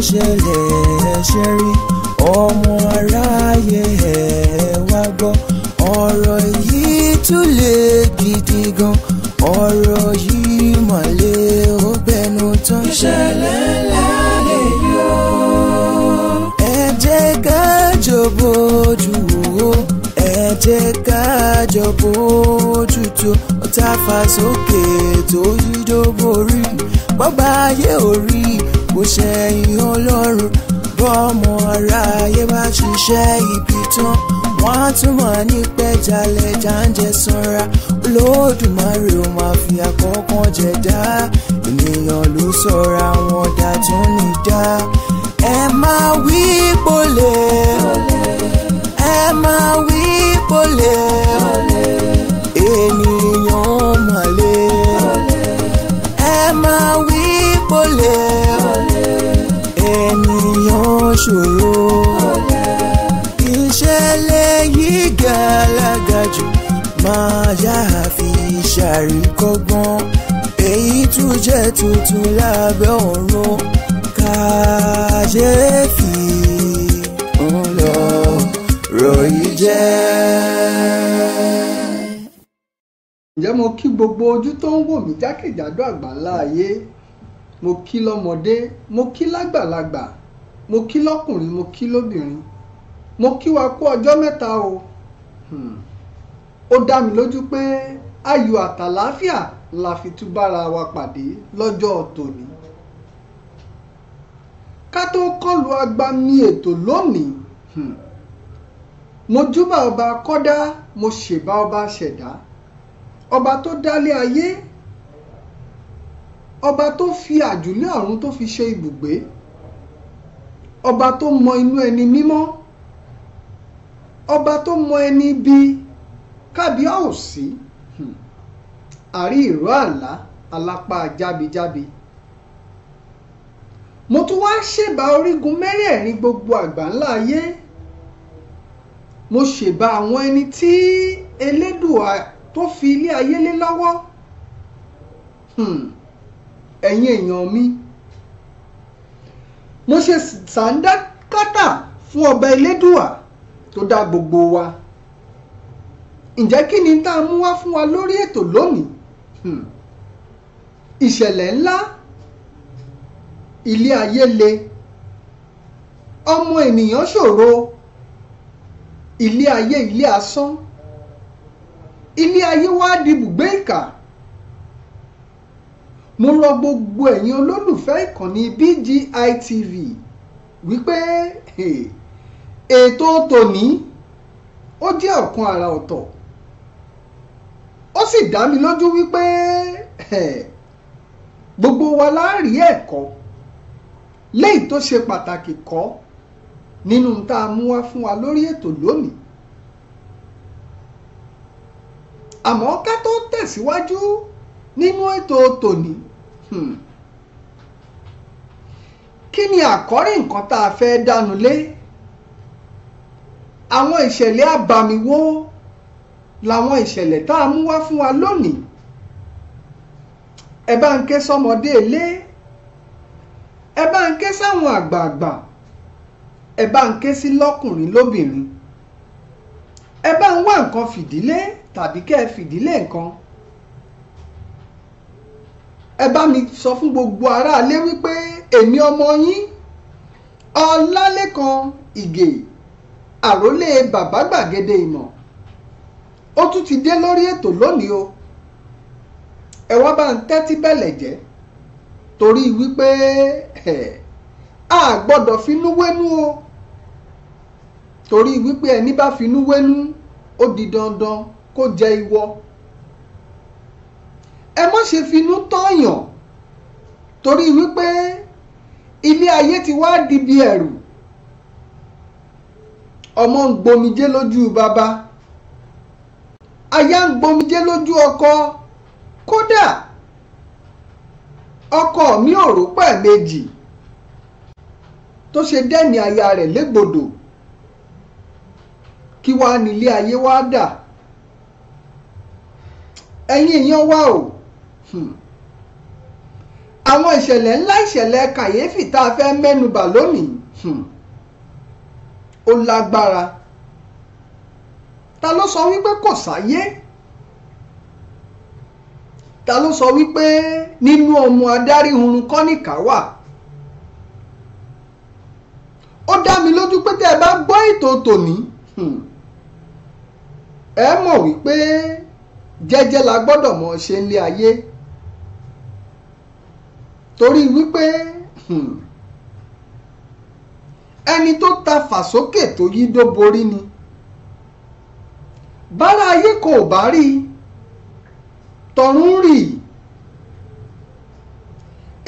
ṣẹlẹ̀ ẹ ṣe rí ọmọ aráyé ẹ wá gbọ́ ọ̀rọ̀ yìí tún lè gidi gan ọ̀rọ̀ yìí mà lè ó bẹnu tán. ìṣẹ̀lẹ̀ ńlá lè yọ. ká jọ̀bọ̀ ojú wo ẹ ká jọ̀bọ̀ ojú tó tá a fà sókè tó yí dó borí bọ́gbà ayé orí kò ṣẹ̀yìn ọlọ́run bọ́ọ̀mù aráyé bá ṣiṣẹ́ ibi tán wọ́n á tún máa ní pẹ́jálẹ̀ jáǹjẹ sanra olódùmarè ó máa fi àkọ́kàn jẹ dá ènìyàn ló sọra wọn dá tún ní dá ẹ máa wí pọ̀lẹ́ ẹ máa wí pọ̀lẹ́ ènìyàn ó máa lé ẹ máa wí pọ̀lẹ́ ṣòro ìṣẹ̀lẹ̀ yìí gàlágà jù máa yá àfi ṣàríkọ́gbọ́n èyí tún jẹ́ tuntun lábẹ́ ọ̀run kàyéfì ńlọrọ̀ yìí jẹ́ ǹjẹ́ mo kí gbogbo ojú tó ń wò mí jákèjádò àgbáńlá ayé mo kí lọ́mọdé mo kí lágbàlagbà mo kí lọ́kùnrin mo kí lóbìnrin mo kí wa kú ọjọ́ mẹ́ta o hmm. ó dá mi lójú pé ayọ̀ àtàlàáfíà la fi tún bára wa pàdé lọ́jọ́ tòní ká tó kọlu agbami ètò lónìí hmm. mo júbà ọba kọ́dá mo ṣèbá ọba ṣẹ̀dá ọba tó dálé ayé ọba tó fi àjùlé ọ̀run tó fi ṣe ibùgbé ọba tó mọ inú ẹni mímọ́ ọba tó mọ ẹni bí kábíà ò sí àrí hmm. ìró àlá alápá jábíjábí mo tún wá ṣèbà orígun mẹ́rẹ̀ẹ̀rin gbogbo àgbáńlá ayé mo ṣèbà àwọn ẹni tí Elédùà tó fi ilé ayé lé lọ́wọ́ hmm. ẹ̀yin èèyàn mi. Hmm mo ṣe sàǹdákátà fún ọba elédùà tó dá gbogbo wa ǹjẹ́ kí ni tá a mú wá fún wa lórí ètò lónìí hmm. ìṣẹ̀lẹ̀ ńlá ilé ayé le ọmọ ènìyàn ṣòro ilé ayé ilé asán ilé ayé wá di bùgbé ìkà mo rọ gbogbo ẹ̀yin olólùfẹ́ ìkànnì BGI TV wípé ètò tòní ó jẹ́ ọ̀kan àrà ọ̀tọ̀ ó sì dá mi lójú wípé gbogbo wa la rí ẹ̀kọ́ léyìí tó ṣe pàtàkì kọ́ nínú tá a mú wá fún wa lórí ètò lónìí àmọ́ ká tó tẹ̀síwájú nínú ètò tòní. Hmm. kí ni àkọ́rí nǹkan tá a fẹ́ dánu lé àwọn ìṣẹ̀lẹ̀ abàmìwó làwọn ìṣẹ̀lẹ̀ tá a mú wá fún wa lónìí ẹ bá ń ké sọmọdé ilé ẹ bá ń ké sáwọn àgbààgbà ẹ bá ń ké sí lọ́kùnrin lóbìnrin ẹ bá ń wá nǹkan fìdílé tàbí kẹ́ ẹ fìdílé nǹkan ẹ bá mi sọ fún gbogbo aráalé wípé èmi ọmọ yín ọlálẹ́kan ìgè àrólé bàbá gbàgede ìmọ̀ ó tún ti dé lórí ètò lónìí o ẹ wá bá ń tẹ́tí bẹ̀lẹ̀ jẹ́ torí wípé a gbọ́dọ̀ finú wénú o torí wípé ẹni bá finú wénú ó di dandan kó jẹ ìwọ ẹ má ṣe finú tọ̀yàn torí wípé ilé ayé ti wá di bí ẹ̀rù ọmọ ń gbomijé lójú bàbá aya ń gbomijé lójú ọkọ kódà ọkọ mi ò rò pẹ̀ẹ́mejì tó ṣe dẹ́ni aya rẹ̀ légbodò kí wàá nílé ayé wàá dà ẹ̀yin èèyàn wá o. Hmm. àwọn ìṣẹ̀lẹ̀ ńlá ìṣẹ̀lẹ̀ kàyéfì tá a fẹ́ mẹ́nubà lónìí hmm, ó lágbára ta ló sọ wípé kò sáyé ta ló sọ wípé nínú ọmọ adarí oorun kọ́ nìkà wà ó dá mi lójú pé tẹ́ ẹ bá gbọ́ ètò tòní hmm, ẹ mọ̀ wípé jẹ́jẹ́ la gbọ́dọ̀ mọ̀ ṣe nílé ayé torí wípé hmm, ẹni tó ta fàsókè tó yí dó borí ni bára ayé kò bá rí tọ̀run rì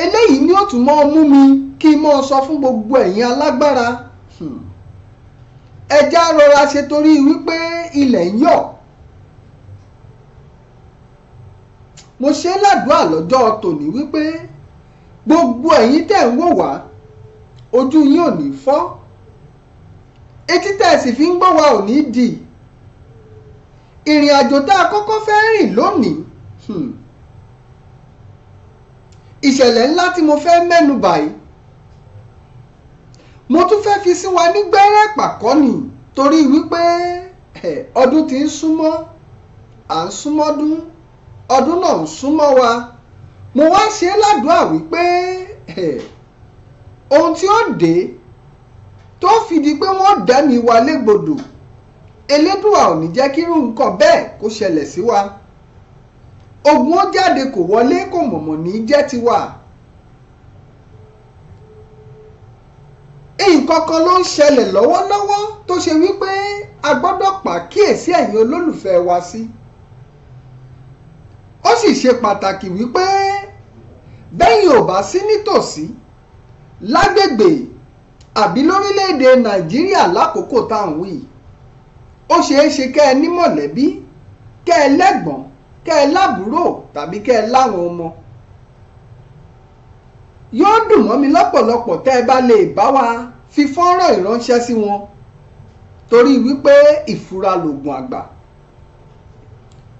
eléyìí ni ó tún mọ́ mú mi kí n mọ́ sọ fún gbogbo ẹ̀yin alágbára hmm. ẹ rọra ṣe torí wípé ilẹ̀ ń yọ̀ mo ṣe ládùúgbà lọ́jọ́ tòní wípé. gbogbo ẹ̀yin tẹ̀ ń wò wá ojú yín ò ní fọ́ etí tẹ̀ sì fi ń gbọ́ wa ò ní dì ìrìn àjò tá a kọ́kọ́ fẹ́ rìn lónìí hmm. ìṣẹ̀lẹ̀ ńlá tí mo fẹ́ mẹ́nu báyìí mo tún fẹ́ fi sí wa ní gbẹ́rẹ́ pàkọ́ ni torí wípé eh, ọdún ti ń súnmọ́ à ń súnmọ́dún ọdún náà ń súnmọ́ wa. mo wá ṣe ládùúà wípé eh, ohun tí ó dé tó fi di pé wọ́n dá mi wa légbodò elédùà ò ní jẹ́ kí irú nǹkan bẹ́ẹ̀ kó ṣẹlẹ̀ sí wa ogun ó jáde kò wọlé kò mọ̀mọ̀ ní jẹ́ tiwa nǹkan kan ló ń ṣẹlẹ̀ lọ́wọ́lọ́wọ́ tó ṣe wípé a gbọ́dọ̀ pàkíyèsí ẹ̀yin olólùfẹ́ wa sí. Si ó sì ṣe pàtàkì wípé bẹ́yìn ò bá sí nítòsí lágbègbè àbí lórílẹ̀‐èdè nàìjíríà lákòókò tá à ń wí ó ṣeé ṣe kẹ́ ẹ ní mọ̀lẹ́bí kẹ́ ẹ lẹ́gbọ̀n kẹ́ ẹ lábúrò tàbí kẹ́ ẹ láwọn ọmọ yóò dùn mọ́ mi lọ́pọ̀lọpọ̀ tẹ́ ẹ bá lè bá wa fi fọ́nrán ìránṣẹ́ sí wọn torí wípé ìfura lògùn àgbà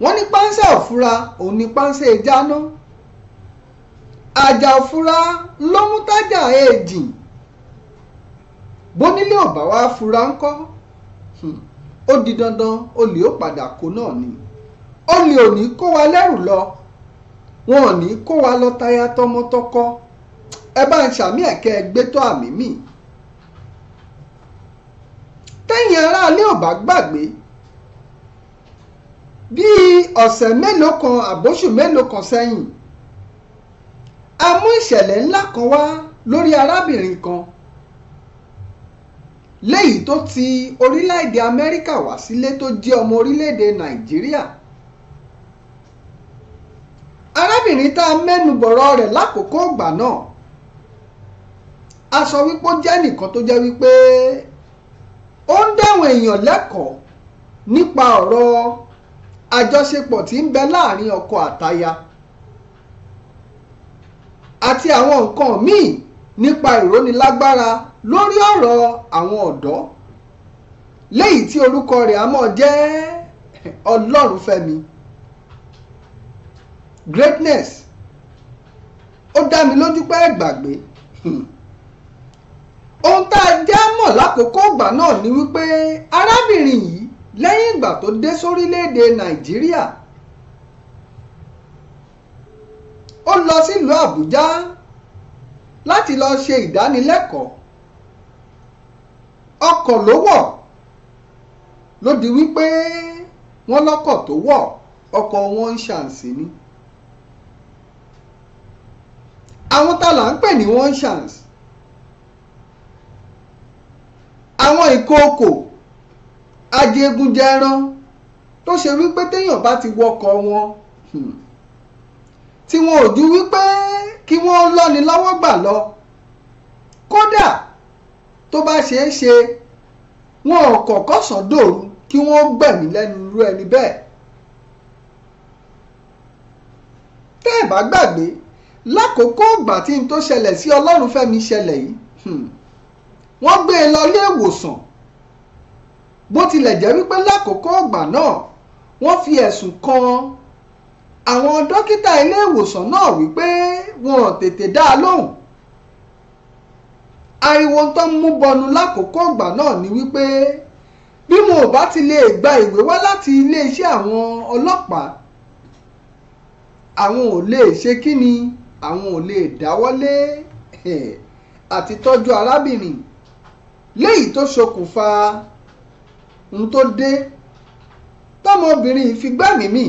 wọ́n ní pánsẹ̀ òfura òun ní pánsẹ̀ jáná àjà òfura ló mú tájà èèjì bónílé ò bá wá fura ńkọ́ hmm. ó di dandan olè ó padà kó náà ni olè ò ní kó wa lẹ́rù lọ wọn ò ní kó wa lọ táyà tọmọtọkọ ẹ bá ń ṣàmì ẹ̀kẹ́ ẹgbẹ́ tó àmì mì tẹ̀yìn aráalé ò gbàgbé bíi ọ̀sẹ̀ mélòó kan àbóṣù mélòó kan sẹ́yìn a mú ìṣẹ̀lẹ̀ ńlá kan wá lórí arábìnrin kan léyìí tó ti orílẹ̀-èdè Amẹ́ríkà wá sílé tó jẹ́ ọmọ orílẹ̀-èdè Nàìjíríà arábìnrin tá a mẹ́nu bọ̀rọ̀ rẹ̀ lákòókò ìgbà náà a sọ wípé ó jẹ́ nìkan tó jẹ́ wípé ó ń dáwọn èèyàn lẹ́kọ̀ọ́ nípa ọ̀rọ̀ àjọṣepọ̀ tí ń bẹ láàrin ọkọ àtaya àti àwọn nǹkan míì nípa ìrónilágbára lórí ọ̀rọ̀ àwọn ọ̀dọ́ léyìí tí orúkọ rẹ̀ á mọ̀ jẹ́ Ọlọ́runfẹ́mi greatness ó dá mi lójú pé ẹ gbàgbé ohun tá a já mọ̀ lákòókò ìgbà náà ni wípé arábìnrin yìí lẹ́yìn ìgbà tó dé sórílẹ̀-èdè nàìjíríà ó lọ sílùú àbújá láti lọ ṣe ìdánilẹ́kọ̀ọ́ ọkọ̀ ló wọ̀ ló di wípé wọ́n lọ́kọ̀ tó wọ̀ ọkọ̀ wọn ń ṣàǹsì ni àwọn tá là ń pè ní one chance àwọn ìkookò ajégunjẹran tó ṣe wípé téèyàn bá ti wọkọ̀ wọn hmm, tí wọn ò ju wípé kí wọ́n lọ́ni lọ́wọ́ gbà lọ kódà tó bá ṣeé ṣe wọn ò kọ̀ọ̀kan sàn dòru kí wọ́n gbẹ̀mí lẹ́nu irú ẹni bẹ́ẹ̀. tẹ́ ẹ̀ bá gbàgbé lákòókò ìgbà tí n tó ṣẹlẹ̀ sí Ọlọ́runfẹ́mi ṣẹlẹ̀ yìí hmm, wọ́n gbé e lọ ilé ìwòsàn bó tilẹ̀ jẹ́ wípé lákòókò ọgbà náà wọ́n fi ẹ̀sùn kan àwọn dókítà ilé ìwòsàn náà wípé wọn ò tètè dá a lóhùn ariwo tó ń mú bọnu lákòókò ọgbà náà ni wípé bí wọn ò bá ti lè gba ìwé wá láti iléeṣẹ́ àwọn ọlọ́pàá àwọn ò lè ṣe kíni àwọn ò lè dáwọ́lé àti tọ́jú arábìnrin léyìí tó ṣokùnfà ń tó dé tọmọbìnrin yìí fi gbẹ́mìí mì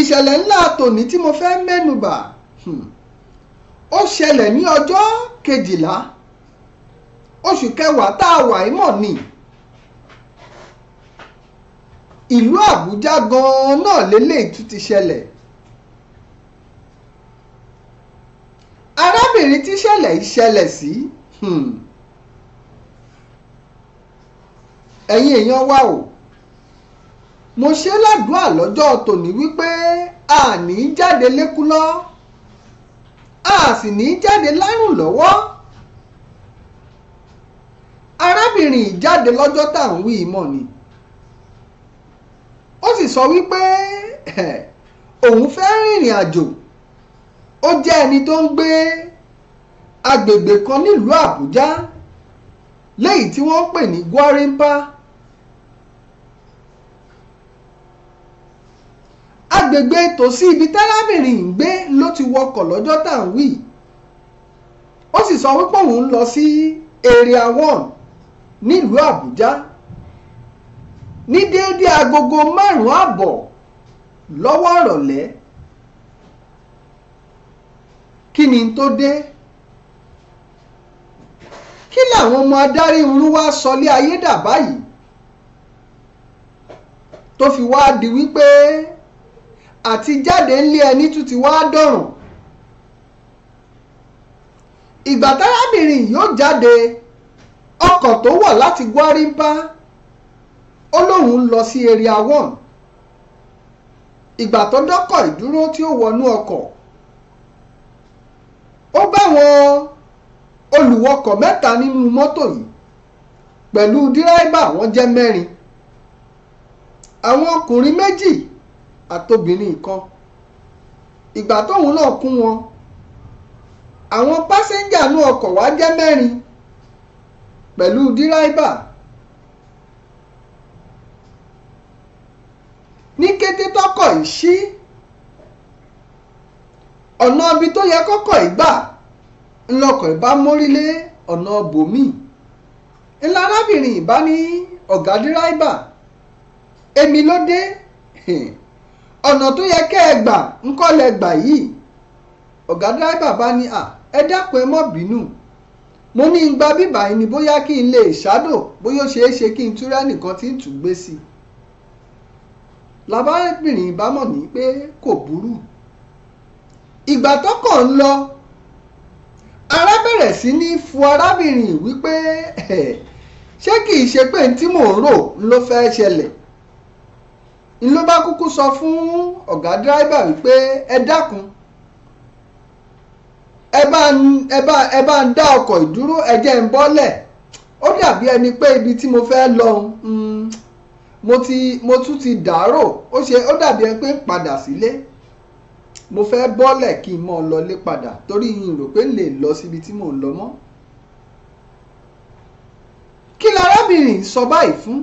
ìṣẹ̀lẹ̀ ńlá tòní tí mo fẹ́ mẹ́nubà hmm, ó ṣẹlẹ̀ ní ọjọ́ kejìlá oṣù kẹwàá tá a wà í mọ̀ ni ìlú Àbújá gan náà lélẹ́yìí tún ti ṣẹlẹ̀ arábìnrin tí ṣẹlẹ̀ yìí sí. Hmm. ẹ̀yin èèyàn wa o mo ṣe ládùúà lọ́jọ́ tòní wípé a ní jáde lékú lọ a sì ní jáde lárùn lọ́wọ́ arábìnrin ìjáde lọ́jọ́ tá à ń wí ìmọ̀ ni ó sì sọ wípé òun fẹ́ rìnrìn àjò ó jẹ́ ẹni tó ń gbé agbègbè kan nílùú Àbújá léyìí tí wọ́n ń pè ní Gwarinpa. agbègbè tòsí ibi tárábìnrin ń gbé ló ti wọkọ̀ lọ́jọ́ tá à ń wí ó sì sọ wípé òun ń lọ sí area one nílùú àbújá ní déédéé agogo márùn-ún àbọ̀ lọ́wọ́ ìrọ̀lẹ́ kí ni tó dé kí làwọn ọmọ adarí irú wa sọlé ayé dà báyìí tó fi wá di wípé. àti jáde ńlé ẹni tún ti wá dọ̀rùn ìgbà tárábìnrin yóò jáde ọkọ̀ tó wọ̀ láti Gwaripa ó lóun lọ sí area one ìgbà tó dọ́kọ̀ ìdúró tí ó wọnú ọkọ̀ ó bá wọn olùwọkọ̀ mẹ́ta nínú mọ́tò yìí pẹ̀lú dírẹ́bà wọn jẹ́ mẹ́rin àwọn ọkùnrin méjì àtobìnrin kan ìgbà tóun náà kún wọn àwọn pásẹ́ńjà inú ọkọ̀ wá jẹ́ mẹ́rin pẹ̀lú díráìbà ní kété tọkọ̀ yìí ṣí ọ̀nà ibi tó yẹ kọ́kọ̀ yìí gbà ńlọkọ̀ ìbá mórílé ọ̀nà bòmíì ńlá arábìnrin ìbá ní ọ̀gá díráìbà èmi ló dé ọ̀nà tó yẹ kẹ́ ẹ gbà ń kọ́lẹ̀ gbà yìí ọ̀gá a, bá ní à ẹ dákun ẹ bínú mo ní gba bíbà yìí ni bóyá kí n lè ṣàdò bóyá ó ṣeé ṣe kí n túrẹ́ nìkan tí ń tù gbé sí i làbábìnrin to mọ̀ ní pé kò burú ìgbà tó kàn ń lọ ara bẹ̀rẹ̀ sí ní fu arábìnrin wípé ṣé kìí ṣe pé tí mò ń rò fẹ́ ṣẹlẹ̀ n ló bá kúkú sọ fún ọ̀gá dírẹ́bà wípé ẹ dákun ẹ bá ń dá ọkọ̀ ìdúró ẹ jẹ́ ń bọ́lẹ̀ ó dàbí ẹni pé ibi tí mo fẹ́ lọ mm, mo ti mo tún ti dàárò ó ṣe ó dàbí ẹni pé ń padà sílé mo fẹ́ bọ́lẹ̀ kí n mọ̀ lọlé padà torí n rò pé n lè lọ síbi tí mò ń lọ mọ́ kí larábìnrin sọ báyìí fún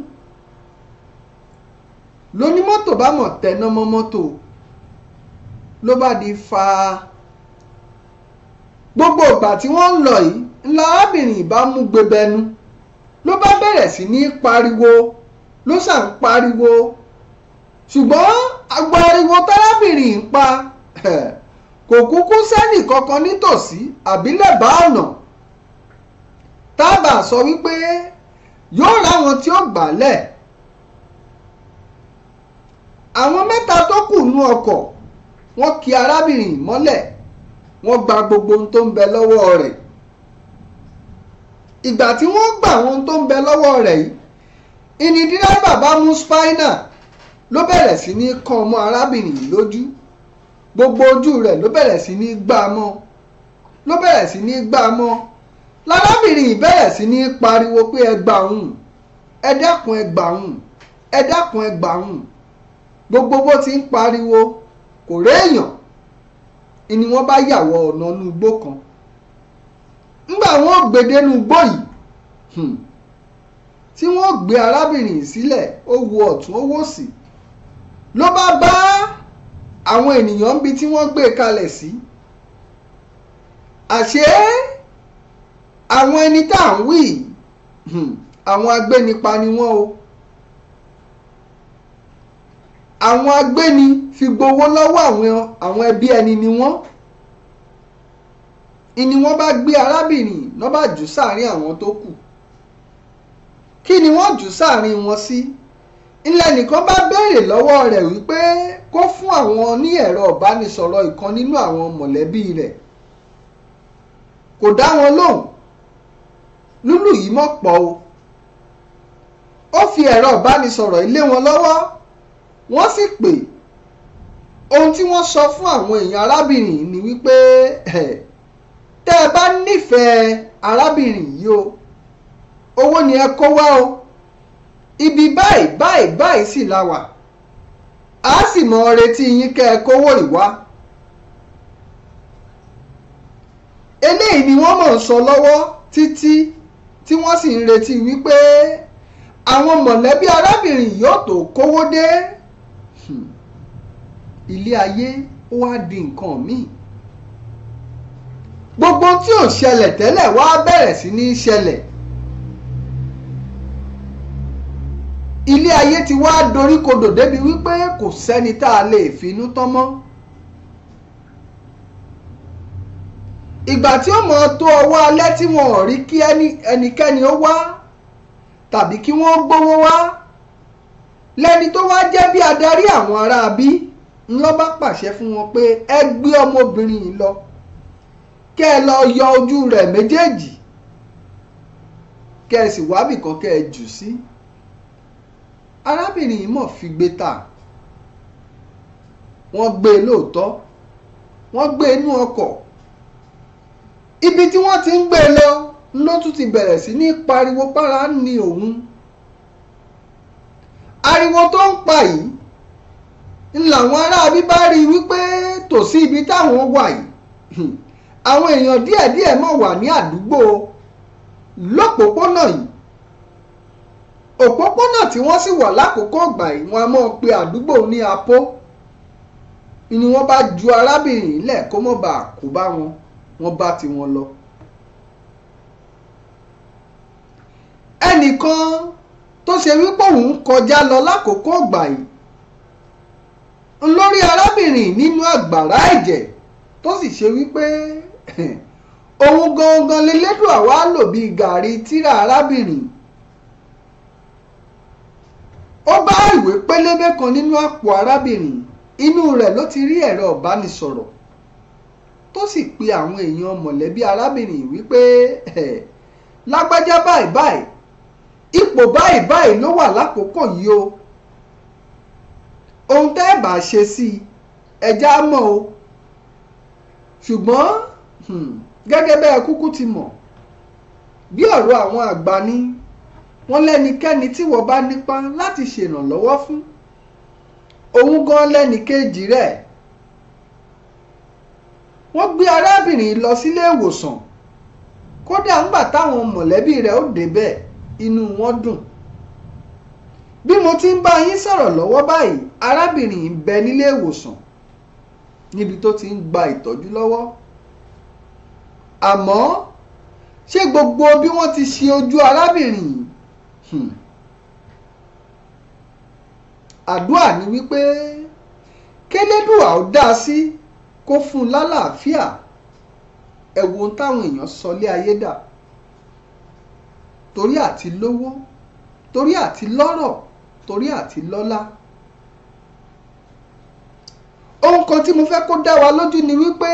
lónímọ́tò bá mọ̀ tẹná mọ́ mọ́tò ló bá di fa gbogbo ìgbà tí wọ́n ń lọ yìí ńlá arábìnrin ìbá mú gbẹbẹnu ló bá bẹ̀rẹ̀ sí ní pariwo ló ṣàn pariwo ṣùgbọ́n agbariwo tárábìnrin ń pa kò kúkú sẹ́nì kankan nítòsí àbílẹ̀ bá ọ̀nà tábà sọ wípé yóò ráwọn tí ó gbà lẹ̀ àwọn mẹ́ta tó kù nú ọkọ̀ wọ́n ki arábìnrin mọ́lẹ̀ wọ́n gba gbogbo ohun tó ń bẹ lọ́wọ́ rẹ̀ ìgbà tí wọ́n gba ohun tó ń bẹ lọ́wọ́ rẹ̀ yìí ìní dírẹ́bà bá mú spina ló bẹ̀rẹ̀ sí ní kan ọmọ arábìnrin lójú gbogbo ojú rẹ̀ ló bẹ̀rẹ̀ sí ní gbá mọ́ ló bẹ̀rẹ̀ sí ní gbá mọ́ lárábìnrin bẹ̀rẹ̀ sí ní pariwo pé ẹ gbà òun ẹ dákun ẹ gbà òun ẹ dákun ẹ gbà òun gbogbo bó ti ń pariwo kò réèyàn ni wọ́n bá yàwọ̀ ọ̀nà inú igbó kan ńgbà wọn ò gbèdé inú igbó yìí hmm, tí wọ́n ò gbé arábìnrin sílẹ̀ ó wo ọ̀tún ó wò sí ló bá bá àwọn ènìyàn níbi tí wọ́n gbé kalẹ̀ sí àṣé àwọn ẹni tá à ń wí hmm, àwọn agbénipa ni wọ́n o. Hmm àwọn agbéni fi gbowó lọ́wọ́ àwọn ẹbí ẹni ni wọ́n ni wọ́n bá gbé arábìnrin náà bá jù sáàrin àwọn tó kù kí ni wọ́n jù sáàrin wọn sí ilẹ̀ nìkan bá béèrè lọ́wọ́ rẹ̀ wípé kó fún àwọn ní ẹ̀rọ ìbánisọ̀rọ̀ ìkan nínú àwọn mọ̀lẹ́bí rẹ̀ kò dá wọn lóhùn lúlù yìí mọ̀ pọ̀ o ó fi ẹ̀rọ ìbánisọ̀rọ̀ ilé wọn lọ́wọ́ wọ́n sì pè ohun tí wọ́n sọ fún àwọn èèyàn arábìnrin ni wípé tẹ́ ẹ bá nífẹ̀ẹ́ arábìnrin yìí o owó ni ẹ kó wá o ibi báyìí báyìí báyìí sì la wà á sì mọ retí yín kẹ́ ẹ kówó ìwá. eléyìí ni wọ́n mọ̀ ń sọ lọ́wọ́ títí tí wọ́n sì ń retí wípé àwọn mọ̀lẹ́bí arábìnrin yóò tó kówó dé ilé ayé ó wá di nǹkan míì gbogbo tí ò ṣẹlẹ̀ tẹ́lẹ̀ wá bẹ̀rẹ̀ sí ní ṣẹlẹ̀ ilé ayé ti wá doríkodò débi wípé kò sẹ́ni tá a lè finú tán mọ́ ìgbà tí ó mọ̀ tó ọwọ́ alẹ́ tí wọn ò rí kí ẹnikẹ́ni ó wá tàbí kí wọ́n gbówó wá lẹ́ni tó wá jẹ́ bí adarí àwọn ará bíi ńlọ bá pàṣẹ fún wọn pé ẹ gbé ọmọbìnrin yìí lọ kẹ́ ẹ lọ yọ ojú rẹ̀ méjèèjì kẹ́ ẹ sì wábì kan kẹ́ ẹ jù sí arábìnrin yìí mọ̀ fi gbé ta wọ́n gbé e lóòótọ́ wọ́n gbé inú e ọkọ̀ ibi tí wọ́n ti ń gbé e lọ ló tún ti bẹ̀rẹ̀ sí ní pariwo para ni òun ariwo tó ń pa yìí ń làwọn aráabí bá rí i wípé tòsí ibi táwọn wà yìí hmm, àwọn èèyàn díẹ̀díẹ̀ mọ̀ wà ní àdúgbò lọ́pọ̀pọ̀nà yìí òpópónà tí wọ́n sì wà lákòókò ọgbà yìí wọn a mọ̀ pé àdúgbò ní apó ni wọ́n bá ju arábìnrin lẹ̀ kó mọ̀ bá kó bá wọn wọ́n bá tiwọn lọ. ẹnìkan tó ṣe wípé òun kọjá lọ lákòókò ọgbà yìí lórí arábìnrin nínú àgbàrá ẹ̀jẹ̀ tó sì ṣe wípé òun gangan lélẹ́dùà wá lò bí gàrí tíra arábìnrin ó bá ìwé pélébé kan nínú àpò arábìnrin inú rẹ̀ ló ti rí ẹ̀rọ ìbánisọ̀rọ̀ tó sì pe àwọn èèyàn mọ̀lẹ́bí arábìnrin wípé lágbájá báyìí báyìí ipò báyìí báyìí ló wà lákòókò yìí o. ohun tẹ́ ẹ̀ bá ṣe sí i ẹ̀já mọ̀ o ṣùgbọ́n hmm, gẹ́gẹ́ bẹ́ẹ̀ kúkú ti mọ̀ bí ọ̀rọ̀ àwọn àgbà ni wọ́n lẹ́nikẹ́ni tí wọ́n bá nípa láti ṣèrànlọ́wọ́ fún òun gan lẹ́nìkejì rẹ̀ wọ́n gbé arábìnrin lọ sílé ìwòsàn kódà ńgbà táwọn mọ̀lẹ́bí rẹ̀ ó débẹ̀ inú wọn dùn bí mo ti ń bá yín sọ̀rọ̀ lọ́wọ́ báyìí arábìnrin ń bẹ nílé ìwòsàn níbi tó ti ń gba ìtọ́jú lọ́wọ́ àmọ́ ṣé gbogbo bí wọ́n ti ṣe ojú arábìnrin yìí hmm. àdúrà ni wípé kélédùà ó dá sí kó fún un lálàáfíà ẹ wo ohun táwọn èèyàn sọ lé ayé dà torí àti lówó torí àti lọ́rọ̀ torí àti lọ́lá ohun kan tí mo fẹ́ kó dá wa lójú ni wípé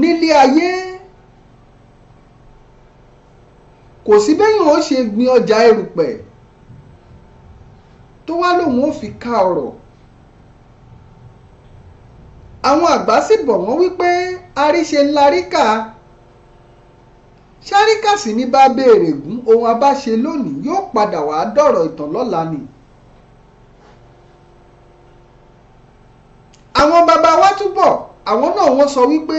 nílé ayé kò sí bẹ́yìn ó ṣe gbin ọjà erùpẹ̀ tó wá lòun ó fi ká ọ̀rọ̀ àwọn àgbà sì bọ̀ wọ́n wípé aríṣe laríkà ṣáríkàsì ní bá béèrè gún ohun abáṣe lónìí yóò padà wàá dọ̀rọ̀ ìtàn lọ́la ni. àwọn bàbá wa túbọ̀ àwọn náà wọ́n sọ wípé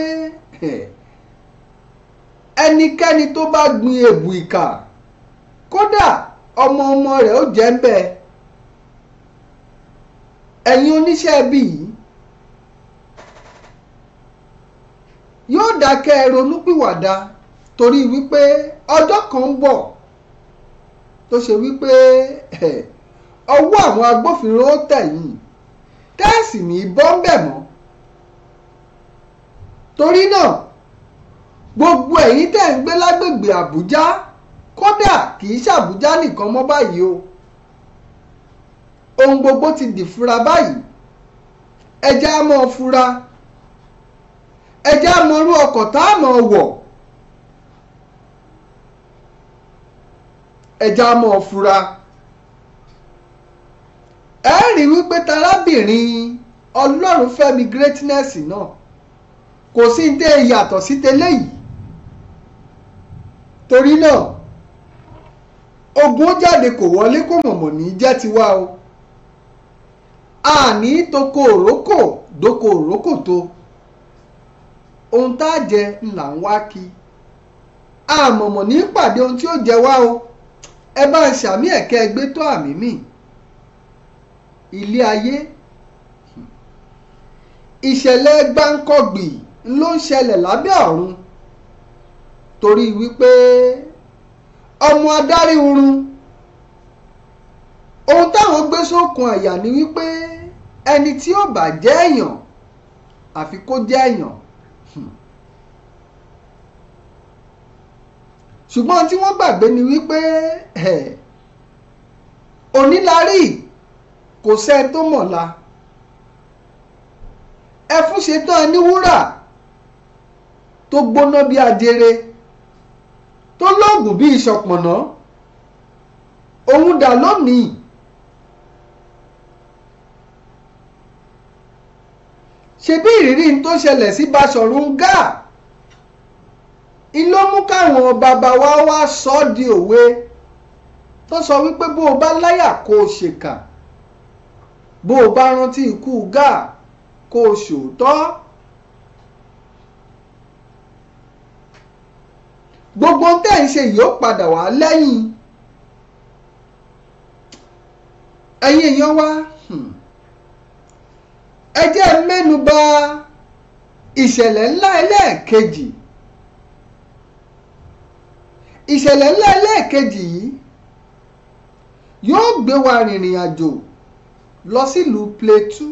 ẹnikẹ́ni tó bá gbin èbù ìkà kódà ọmọ ọmọ rẹ̀ ó jẹ́ ń bẹ́ẹ̀ ẹ̀yin oníṣẹ́ ẹbí yìí yóò dákẹ́ ronúpìwàdà. torí wípé ọjọ́ kan ń bọ̀ tó ṣe wípé ọwọ́ àwọn agbófinró tẹ̀yìn tẹ́ẹ̀sì ní bọ́ńbẹ̀ mọ́ torí náà gbogbo ẹ̀yin tẹ́ ń gbé lágbègbè Àbújá kódà kì í ṣàbújá nìkan mọ́ báyìí o ohun gbogbo ti dìfura báyìí ẹja á mọ fura ẹja á mọrú ọkọ̀ tá a wọ̀ ẹja mọ́ ọ fura ẹ rí wípé tarábìnrin ọlọ́run fẹ́mi greatness náà kò sí ní tẹ́ yàtọ̀ sí tẹ́lẹ̀ yìí torí náà ogun jáde kò wọlé kò mọ̀mọ̀ ní jẹ́ tiwa o a ní toko òrókò doko òrókò tó ohun tá a jẹ ńlá ń wá kí a mọ̀mọ̀ ní pàdé ohun tí ó jẹ wá o. ẹ bá ń ṣàmì ẹ̀kẹ́ ẹgbẹ́ tó àmì mì ilé ayé ìṣẹ̀lẹ̀ gbáǹkọ̀gbì ló ń ṣẹlẹ̀ lábẹ́ ọ̀run torí wípé ọmọ adarí oorun ohun táwọn gbé sókun àyà ni wípé ẹni tí ó bá jẹ́ èèyàn àfi kó jẹ́ èèyàn ṣùgbọ́n tí wọ́n gbàgbé ni wípé onílárí kò sẹ́ tó mọ̀la ẹfún ṣetán ní wúrà tó gbóná bí adire tó lóògùn bí ìṣọ̀pọ̀nà òun dà lónìí ṣebí ìrírí tó ṣẹlẹ̀ sí Baṣọ̀run Gáà ló mú káwọn bàbá wa wá sọ ọ́ di òwe tó sọ wípé bó o bá láyà kó o ṣèkà bó o bá rántí ikú gáà kó o ṣòótọ́ gbogbo tẹ́ ń ṣe yìí padà wá lẹ́yìn ẹ̀yin èèyàn wa hmm, ẹ jẹ́ mẹ́nu bà ìṣẹ̀lẹ̀ ńlá ẹlẹ́ẹ̀kejì ìṣẹ̀lẹ̀ ńlá ẹlẹ́ẹ̀kejì yìí yóò gbé wa rìnrìn àjò lọ sílùú Plateau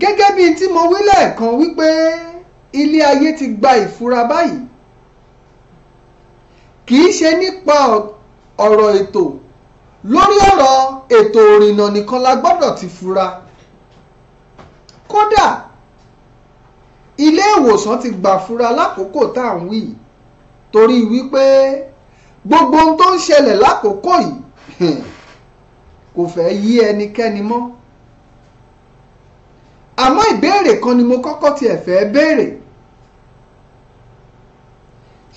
gẹ́gẹ́ bíi tí mo wí lẹ́ẹ̀kan wípé ilé ayé ti gba ìfura báyìí kì í ṣe nípa ọ̀rọ̀ ètò lórí ọ̀rọ̀ ètò òrìnnà nìkan la gbọ́dọ̀ ti fura kódà ilé ìwòsàn ti gbà fura lákòókò tá à ń wí yìí torí wípé gbogbo ohun tó ń ṣẹlẹ̀ lákòókò yìí kò fẹ́ yí ẹnikẹ́ni mọ́ àmọ́ ìbéèrè kan ni mo kọ́kọ́ tiẹ̀ fẹ́ béèrè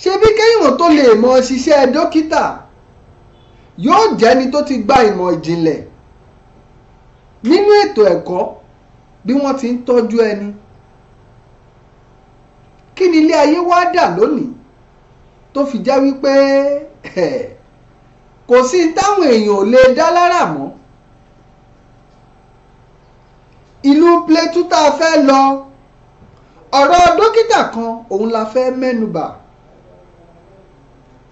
ṣé bí kéèyàn tó lè mọ ṣiṣẹ́ dókítà yóò jẹ́ni tó ti gba ìmọ̀ ìjìnlẹ̀ nínú ètò ẹ̀kọ́ bí wọ́n ti ń tọ́jú ẹni kí ni ilé ayé wá dà lónìí tó fi já wípé kò sí táwọn èèyàn ò lè dá lára mọ́ ìlú Plateau tá a fẹ́ lọ ọ̀rọ̀ dókítà kan òun la fẹ́ mẹ́nubà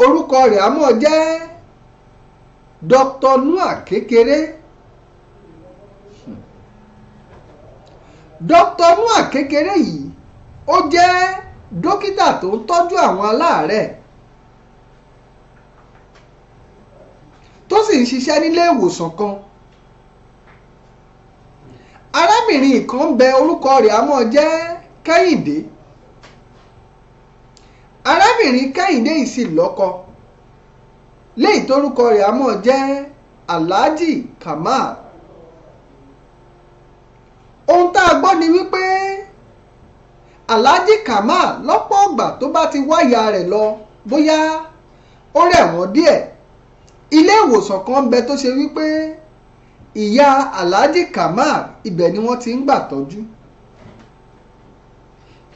orúkọ rẹ̀ àmọ́ jẹ́ Dr. Noah Kékeré Dr. Noah Kékeré yìí ó jẹ́ dókítà tó ń tọ́jú àwọn aláàárẹ̀ tó sì ń ṣiṣẹ́ nílé ìwòsàn kan arábìnrin kan bẹ orúkọ rẹ̀ àmọ́ jẹ́ kẹ́hìndé arábìnrin kẹ́hìndé yìí sì lọ́kọ léyìí tórúkọ rẹ̀ àmọ́ jẹ́ alhaji kamal ohun tá a gbọ́ ni wípé alhaji kamal lọ́pọ̀ ọgbà tó bá ti wáyà rẹ̀ lọ bóyá ó rẹ̀ wọ́n díẹ̀ ilé ìwòsàn kan ń bẹ tó ṣe wípé ìyá Alhaji Kamal ibẹ̀ ni wọ́n ti ń gbà tọ́jú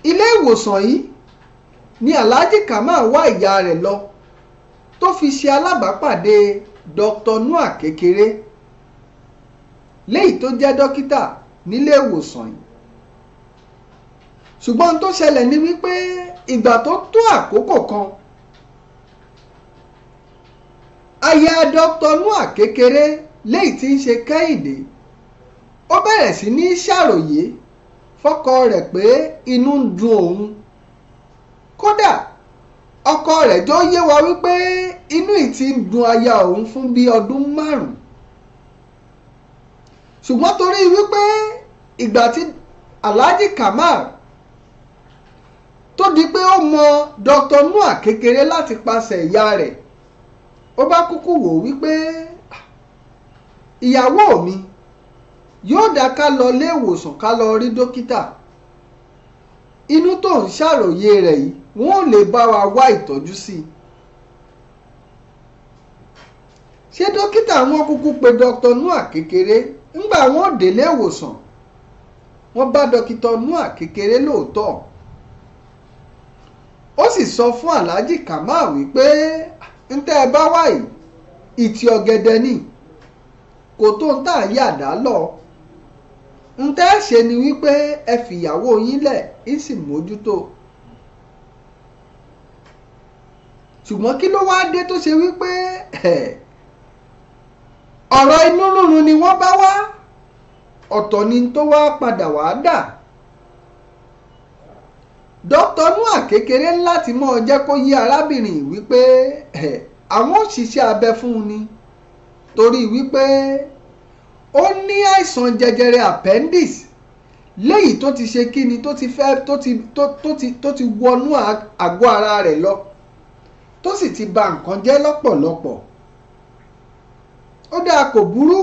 ilé ìwòsàn yìí ni Alhaji Kamal wá ìyá rẹ̀ lọ tó fi ṣe alábàápàdé Dr. Noah kékeré léyìí tó jẹ́ dókítà nílé ìwòsàn yìí ṣùgbọ́n tó ṣẹlẹ̀ ni wípé ìgbà tó tó àkókò kan aya dr noah kékeré léyìí tí ń ṣe kẹ́hìndé ó bẹ̀rẹ̀ sí ní ṣàròyé fọ́kọ rẹ̀ pé inú ń dun òun kódà ọkọ rẹ̀ jọ yé wa wípé inú ì ti ń dun aya òun fún bíi ọdún márùn-ún ṣùgbọ́n torí wípé ìgbà tí alhaji kamal tó di pé ó mọ dr noah kékeré láti paṣẹ ìyá rẹ̀ ó bá kúkú wò wípé ah, ìyàwó mi yóò dá ká lọ ilé ìwòsàn ká lọ rí dókítà inú tó ń ṣàròyé rẹ yìí wọn ò lè bá wa wá ìtọ́jú sí i ṣé dókítà wọn kúkú pe dr noah kékeré ńgbà wọn délé ìwòsàn wọn bá dókítà noah kékeré lóòótọ́ ó sì sọ fún alhaji kamal wípé ah, ntẹ́ ẹ bá wáyé ìtì ọ̀gẹ̀dẹ̀ ni kò tó ń tà yí àdá lọ ntẹ́ ṣe ni wípé ẹ fìyàwó yín lẹ̀ ń sì mójútó ṣùgbọ́n kí ló wáá dé tó ṣe wípé ọ̀rọ̀ inú rúnrun ni wọ́n bá wá ọ̀tọ̀ ni tó wá padà wá dà. dr noah kékeré láti mọ jẹ́ kó yé arábìnrin wípé àwọn òṣìṣẹ́ abẹ fún un ni torí wípé ó ní àìsàn jẹjẹrẹ appendix léyìí tó ti ṣe kíni tó ti fẹ́ tó ti tó ti tó ti wọnú àgọ́ ara rẹ̀ lọ tó sì ti bà nǹkan jẹ́ lọ́pọ̀lọpọ̀ ó dáa kò burú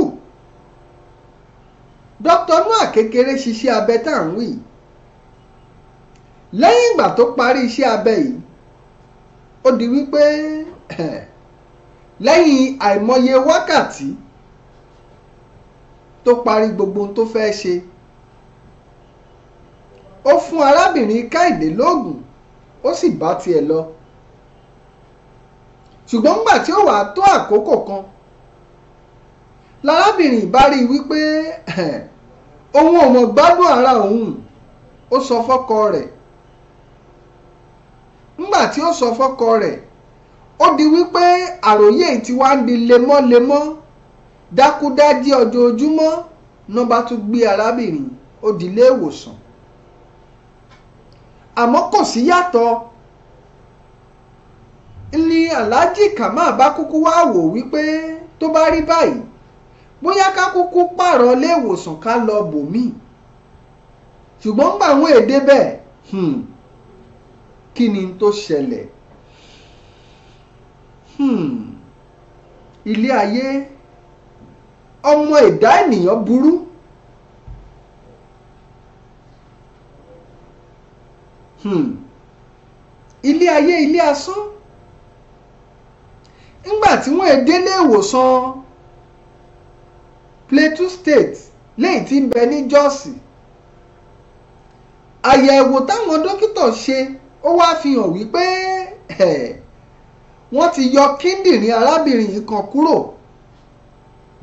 dr noah kékeré ṣiṣẹ́ abẹ tá à ń wí yìí lẹ́yìn ìgbà tó parí iṣẹ́ abẹ yìí ó di wípé lẹ́yìn àìmọye wákàtí tó parí gbogbo ohun tó fẹ́ ṣe ó fún arábìnrin káìdé lóògùn ó sì bá tiẹ̀ lọ ṣùgbọ́n nígbà tí ó wà tó àkókò kan lárábìnrin bá rí i wípé òun ò mọ̀ gbádùn ara òun ó sọ fọ́kọ rẹ̀ ńgbà tí ó sọ fọ́kọ rẹ̀ ó di wípé àròyé ti wá ń di lemọ́lemọ́ dákúdájí ọjọ́ojúmọ́ náà bá tún gbé arábìnrin ó di ilé ìwòsàn àmọ́ kò sí yàtọ̀ ni aláàjì kàmá bá kúkú wá wò wípé tó bá rí báyìí bóyá ká kúkú pààrọ̀ ilé ìwòsàn ká lọ bòmíì ṣùgbọ́n gbà àwọn èdè bẹ́ẹ̀ hmm, kí ni tó ṣẹlẹ̀ hmm. ilé ayé ọmọ ẹ̀dá ènìyàn burú hmm. ilé ayé ilé asán ńgbà tí wọ́n ẹ̀ délé ìwòsàn Plateau State lẹ́yìn tí ń bẹ ní Jọ́ọ̀sì àyẹ̀wò táwọn dókítà ṣe ó wá fi hàn wípé wọ́n ti yọ kíndìnrín arábìnrin yìí kan kúrò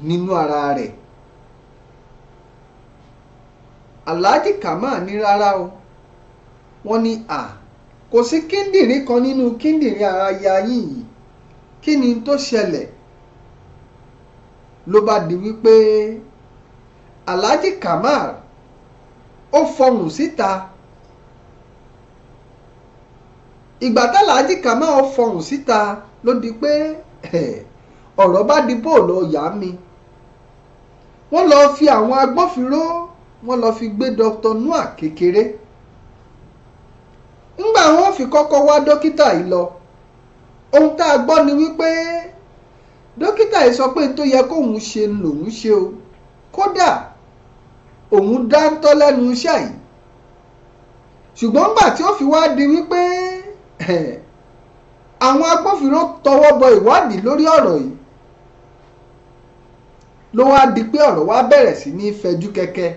nínú ara rẹ̀ Alhaji Kamal ní rárá o wọ́n ní à kò sí kíndìnrín kan nínú kíndìnrín ara ya yín yìí kí ni tó ṣẹlẹ̀ ló bá di wípé Alhaji Kamal ó fọhùn síta. Si ìgbà tálàájì kà máa fọhùn síta ló di pé ọ̀rọ̀ bá di bóòlù ọ̀yà mi wọ́n lọ fi àwọn agbófinró wọ́n lọ fi gbé Dr. Noah kékeré ńgbà wọ́n fi kọ́kọ́ wá dókítà yìí lọ ohun tá a gbọ́ ni wípé dókítà yìí sọ pé tó yẹ kóun ṣe lòun ṣe o kódà òun dáńtọ́ lẹ́nu iṣẹ́ yìí ṣùgbọ́n ńgbà tí ó fi wá di wípé. Eh, àwọn agbófinró tọwọ́ bọ ìwádìí lórí ọ̀rọ̀ yìí ló wáá di pé ọ̀rọ̀ wá bẹ̀rẹ̀ sí ní fẹjú kẹ̀kẹ́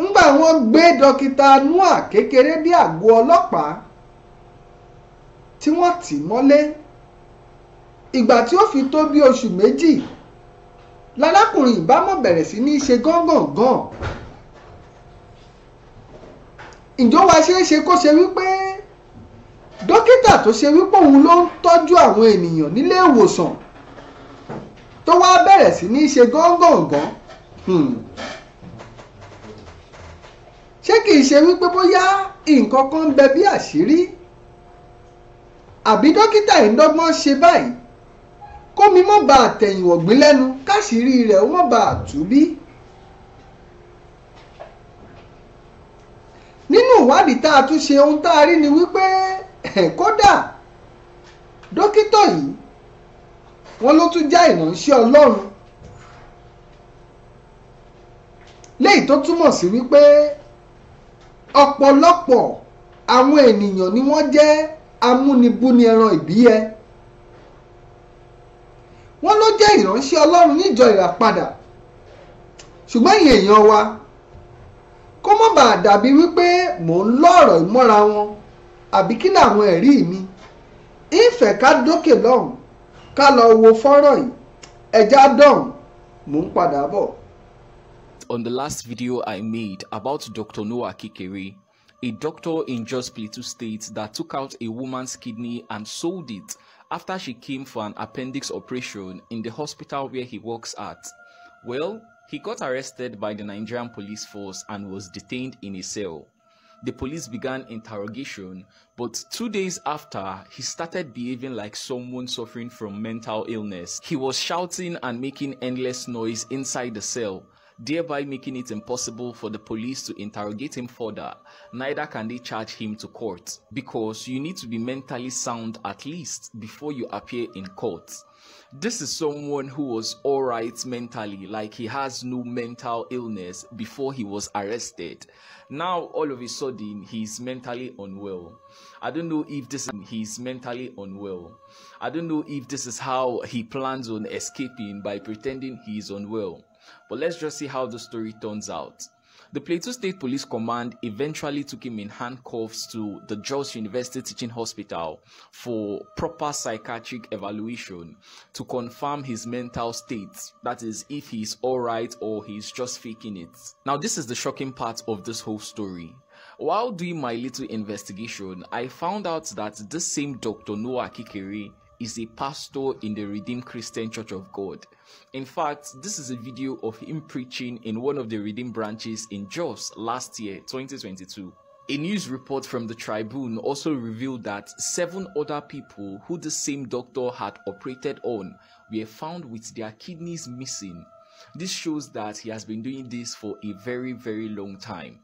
n'gbà wọn gbé dókítà noah kékeré dé àgọ́ ọlọ́pàá tí wọ́n tì mọ́lé ìgbà tí ó fi tó bí oṣù méjì lálákùnrin ìbámu bẹ̀rẹ̀ sí ní ṣe gángan gan. gan, ǹjọ́ wa ṣeé ṣe kó ṣe wípé dókítà tó ṣe wípé òun ló ń tọ́jú àwọn ènìyàn nílé ìwòsàn tó wá bẹ̀rẹ̀ sí ní ṣe gángangan hmm. ṣé kì í ṣe wípé bóyá nǹkan kan ń bẹ bí àṣírí àbí dókítà yìí ń dọ́gbọ́n ṣe báyìí kó mi mọ́ bá àtẹ̀yìnwọ̀gbìn lẹ́nu káṣírí rẹ̀ ó mọ́ bá àtúbí. nínú ìwádìí tá a tún ṣe ohun tá a rí ni wípé kódà dókítà yìí wọ́n ló tún já ìránṣẹ́ Ọlọ́run léyìí tó túmọ̀ sí wípé ọ̀pọ̀lọpọ̀ àwọn ènìyàn ni wọ́n jẹ́ amúnibúni ẹran ìbíyẹ wọ́n ló jẹ́ ìránṣẹ́ Ọlọ́run níjọ ìràpadà ṣùgbọ́n ìyẹn èèyàn wa má bàa dàbí wípé mò ń lọ́ọ̀rọ̀ ìmọ́ra wọn àbí kí làwọn ẹ̀rí mi ìfẹ́ ká dókè lọ́hùn ká lọ wo fọ́nrán yìí ẹja dọ̀hùn mò ń padà bọ̀. On the last video I made about Dr. Noah Kikere, a doctor in Jos Plateau State that took out a woman's kidney and sold it after she came for an appendix operation in the hospital where he works at. Well, He got arrested by the Nigerian police force and was detained in a cell. The police began interrogation, but two days after, he started behaving like someone suffering from mental illness. He was shouting and making endless noise inside the cell, thereby making it impossible for the police to interrogate him further. Neither can they charge him to court, because you need to be mentally sound at least before you appear in court. This is someone who was all right mentally, like he has no mental illness before he was arrested. Now, all of a sudden, he's mentally unwell. I don't know if this is, he's mentally unwell. I don't know if this is how he plans on escaping by pretending he's unwell. But let's just see how the story turns out. The Plateau State Police Command eventually took him in handcuffs to the Jos University Teaching Hospital for proper psychiatric evaluation to confirm his mental state, that is, if he's alright or he's just faking it. Now, this is the shocking part of this whole story. While doing my little investigation, I found out that this same Dr. Noah Kikere is a pastor in the Redeemed Christian Church of God. In fact, this is a video of him preaching in one of the reading branches in Jos last year, 2022. A news report from the tribune also revealed that seven other people who the same doctor had operated on were found with their kidneys missing. This shows that he has been doing this for a very, very long time.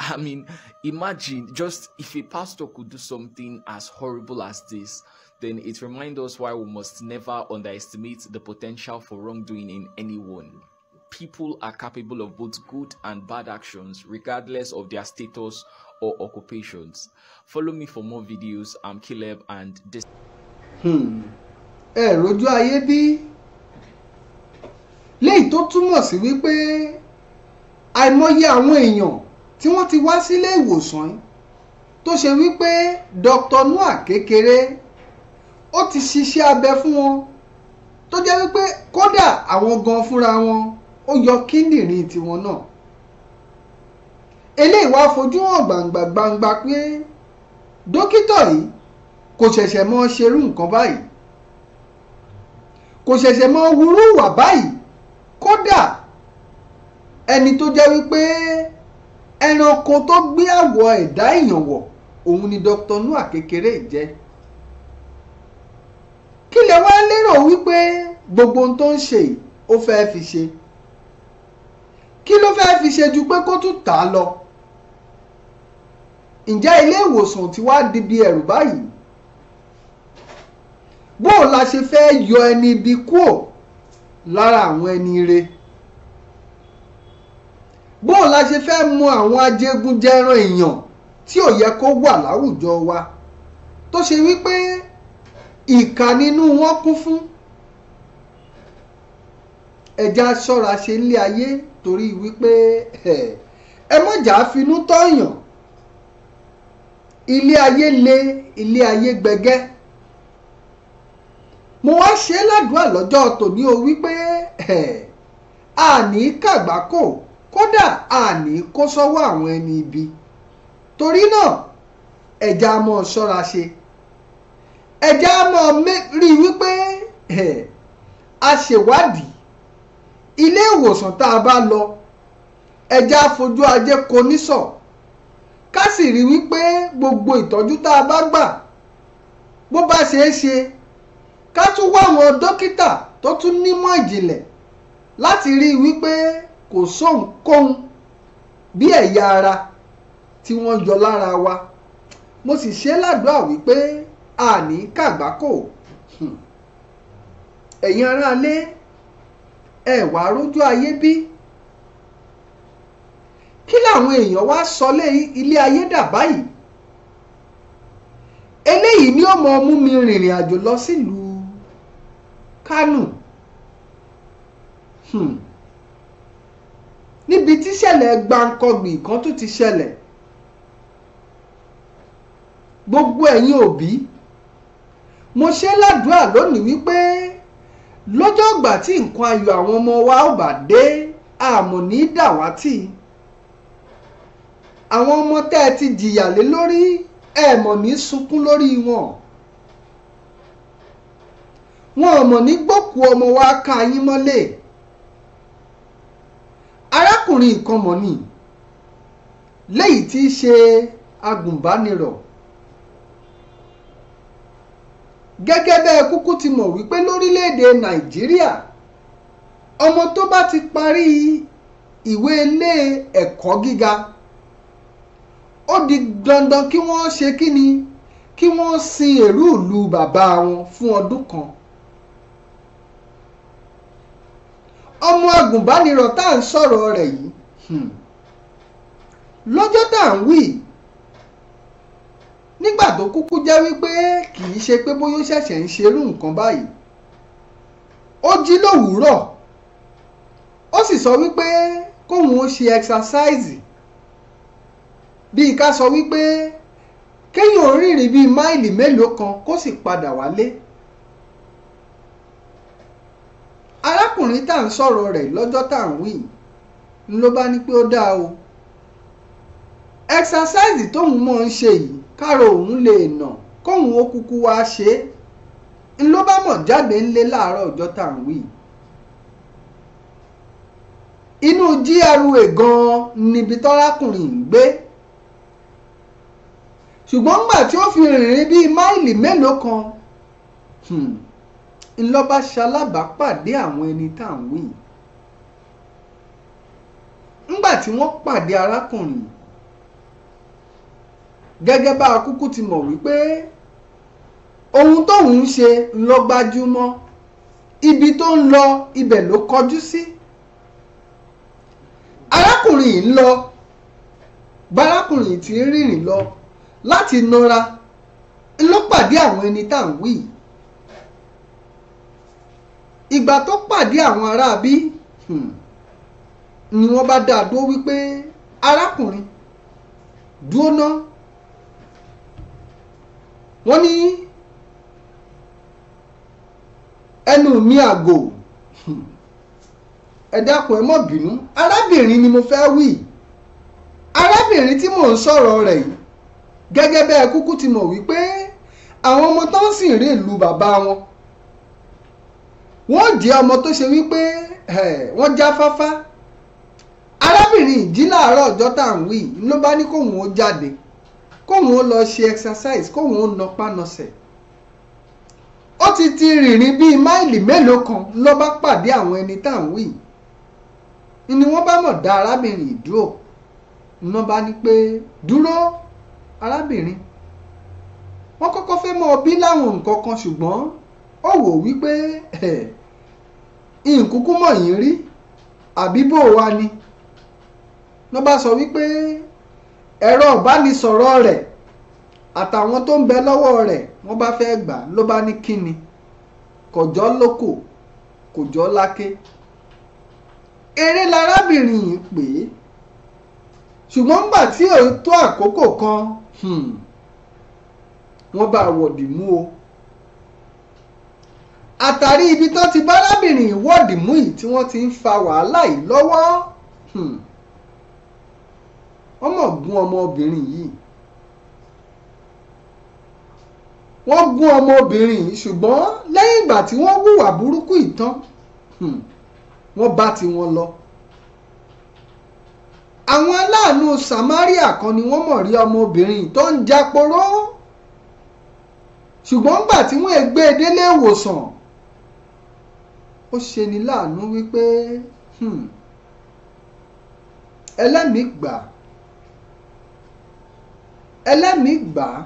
I mean, imagine just if a pastor could do something as horrible as this, then it reminds us why we must never underestimate the potential for wrongdoing in anyone. People are capable of both good and bad actions, regardless of their status or occupations. Follow me for more videos. I'm Caleb and this. Hmm. Eh, rojú ayé bí? Léyìí tó túmọ̀ sí wípé àìmọye àwọn èèyàn tí wọ́n ti wá sílé ìwòsàn tó ṣe wípé Dr. Noah kékeré ó ti ṣiṣẹ́ abẹ fún wọn tó jẹ́ wípé kódà àwọn gan fúnra wọn ó yọ kíndìnrín tiwọn náà eléyìí wá fojú hàn gbangba gbangba pé dókítà yìí kò ṣẹ̀ṣẹ̀ mọ́ ṣerú nǹkan báyìí kò ṣẹ̀ṣẹ̀ mọ́ wúrú wà báyìí kódà ẹni tó jẹ́ wípé ẹranko tó gbé àwọ̀ ẹ̀dá èèyàn wọ̀ òun ni Dr. Noah kékeré jẹ́. pé gbogbo ohun tó ń ṣe yìí ó fẹ́ fi ṣe kí ló fẹ́ fi ṣe ju pé kó tún tà á lọ ǹjẹ́ ilé ìwòsàn ti wá di bí ẹ̀rù báyìí bó o la ṣe fẹ́ yọ ẹni ibi kúò lára àwọn ẹni re bó la ṣe fẹ́ mú àwọn ajégunjẹran èèyàn tí ò yẹ kó wà láwùjọ wa tó ṣe wípé ìkà nínú wọn kún fún ẹja ṣọ́ra ṣe nílé ayé torí wípé ẹ mọ̀jà finú tọ̀yàn ilé ayé le ilé ayé gbẹgẹ́ mo wá ṣe é ládùúgbà lọ́jọ́ tòní o wípé àní kàgbákò kódà àní kó sọ́wọ́ àwọn ẹni ibi torí náà ẹja mọ̀ ṣọ́ra ṣe ẹja mọ̀ rí wípé a ṣèwádìí ilé ìwòsàn tá a bá lọ ẹja fojú ajé konísọ̀ ká sì rí wípé gbogbo ìtọ́jú tá a bá gbà bó bá ṣe é ṣe ká tún wá àwọn dókítà tó tún nímọ̀ ìjìnlẹ̀ láti rí wípé kò sóhunkóhun bí ẹ̀yà ara tí wọ́n yọ lára wa mo sì ṣe ládùúrà wípé àní kàgbákò hmm. ẹ̀yin aráalé ẹ wá rójú ayé bí kí làwọn èèyàn wá sọlé ilé ayé dà báyìí eléyìí ni ó mọ mú mi rìnrìn àjò lọ sílùú Kánò hmm. níbi tíṣẹ̀lẹ̀ gbàǹkọgbì kan tún ti ṣẹlẹ̀ gbogbo ẹ̀yin òbí mo ṣe ládùúrà lónìí wípé lọ́jọ́ ìgbà tí nǹkan ayọ̀ àwọn ọmọ wa ò bá dé àmọ́ ní dàwátì àwọn ọmọ tẹ́ ẹ ti jìyà lé lórí ẹ mọ̀ ní sunkún lórí wọn wọn ò mọ̀ ní gbókùú ọmọ wa ká yín mọ́lẹ̀ arákùnrin nǹkan mọ̀ ni tí í ṣe agùnbánirọ̀ gẹ́gẹ́ bẹ́ẹ̀ kúkú ti mọ̀ wípé lórílẹ̀‐èdè nàìjíríà ọmọ tó bá ti parí ìwé ilé ẹ̀kọ́ gíga ó di dandan kí wọ́n ṣe kí ni kí wọ́n sin èrú ìlú bàbá wọn fún ọdún kan ọmọ agùnbánirọ̀ tá à ń sọ̀rọ̀ rẹ̀ yìí hmm, lọ́jọ́ tá à ń wí yìí nígbà tó kúkú jẹ́ wípé kì í ṣe pé bóyá ó ṣẹ̀ṣẹ̀ ń ṣerú nǹkan báyìí ó jí lówùúrọ̀ ó sì sọ wípé kóun ó ṣe ẹ̀xásáìsì bíi ká sọ wípé kéèyàn rìnrìn bíi máìlì mélòó kan kó sì padà wálé arákùnrin tá à ń sọ̀rọ̀ rẹ̀ lọ́jọ́ tá à ń wí ló bá ní pé ó dáa o ẹ̀xásáìsì tóun mọ̀ ń ṣe yìí káàrò òun lè nà kóun okuku wa ṣe n ló bá mọ̀ jáde ńlé láàárọ̀ ọjọ́ tá à ń wí. inú GRA gan-an níbi tọ́lákùnrin ń gbé ṣùgbọ́n tí fi rìnrìn bíi máìlì mélòó kan ńlọ́ba hmm, ṣalábàápàdé àwọn ẹni tá à ń wí. ńgbà tí wọ́n pàdé arákùnrin gẹ́gẹ́ bá a kúkú ti mọ̀ wípé ohun tóun ń ṣe ló gbajúmọ̀ ibi tó ń lọ ibẹ̀ ló kọjú sí arákùnrin yìí ń lọ bárákùnrin yìí ti rìnrìn lọ láti nọra ló pàdé àwọn ẹni tá à ń wí ìgbà tó pàdé àwọn aráabí hmm, ni wọ́n bá dá a dúró wípé arákùnrin dúró náà wọ́n ní ẹnu mi àgò hmm. ẹ dákun ẹ má bínú arábìnrin ni mo fẹ́ wí arábìnrin tí mò ń sọ̀rọ̀ rẹ̀ yìí gẹ́gẹ́ bẹ́ẹ̀ kúkú ti mọ̀ wípé àwọn ọmọ tó ń sìn rè lu bàbá wọn wọ́n jẹ́ ọmọ tó ṣe wípé wọ́n jáfáfá arábìnrin ìdí láàárọ̀ ọjọ́ tá à ń wí ló bá ní kóun ó jáde kóun ó lọ ṣe exercise kóun ó nọpá nọsẹ̀ ó ti ti rìnrìn bíi máìlì mélòó kan ló bá pàdé àwọn ẹni tá à ń wí ni wọ́n bá mọ̀ dá arábìnrin ìdúró ná bá ní pé dúró arábìnrin wọ́n kọ́kọ́ fẹ́ mọ ọbí láwọn nǹkan kan ṣùgbọ́n ó wò wípé nkúkú mọ̀ yín rí àbí bò wá ni ló bá sọ wípé ẹ̀rọ ìbánisọ̀rọ̀ rẹ̀ àtàwọn tó ń bẹ lọ́wọ́ rẹ̀ wọ́n bá fẹ́ gbà ló bá ní kíni kọjọ́ lóko kọjọ́ láké eré larábìnrin yìí pè é ṣùgbọ́n nígbà tí òun tó àkókò kan hmm, wọ́n bá wọ̀dì mú o àtàrí ibi tó ti bárábìnrin ìwọ́dì mú yìí tí wọ́n ti ń fa wàhálà yìí lọ́wọ́. Hmm wọ́n mọ̀ gún ọmọbìnrin yìí wọ́n gún ọmọbìnrin yìí ṣùgbọ́n lẹ́yìn ìgbà tí wọ́n hùwà burúkú ìtàn hmm, wọ́n bá tiwọn lọ àwọn aláàánú Samaria kan ni wọ́n mọ̀ rí ọmọbìnrin tó ń jáporó ṣùgbọ́n gbà tí wọ́n gbé e délé ìwòsàn ó ṣeni láàánú wípé hmm, ẹlẹ́mìí gbà ẹlẹ́mìí gbà á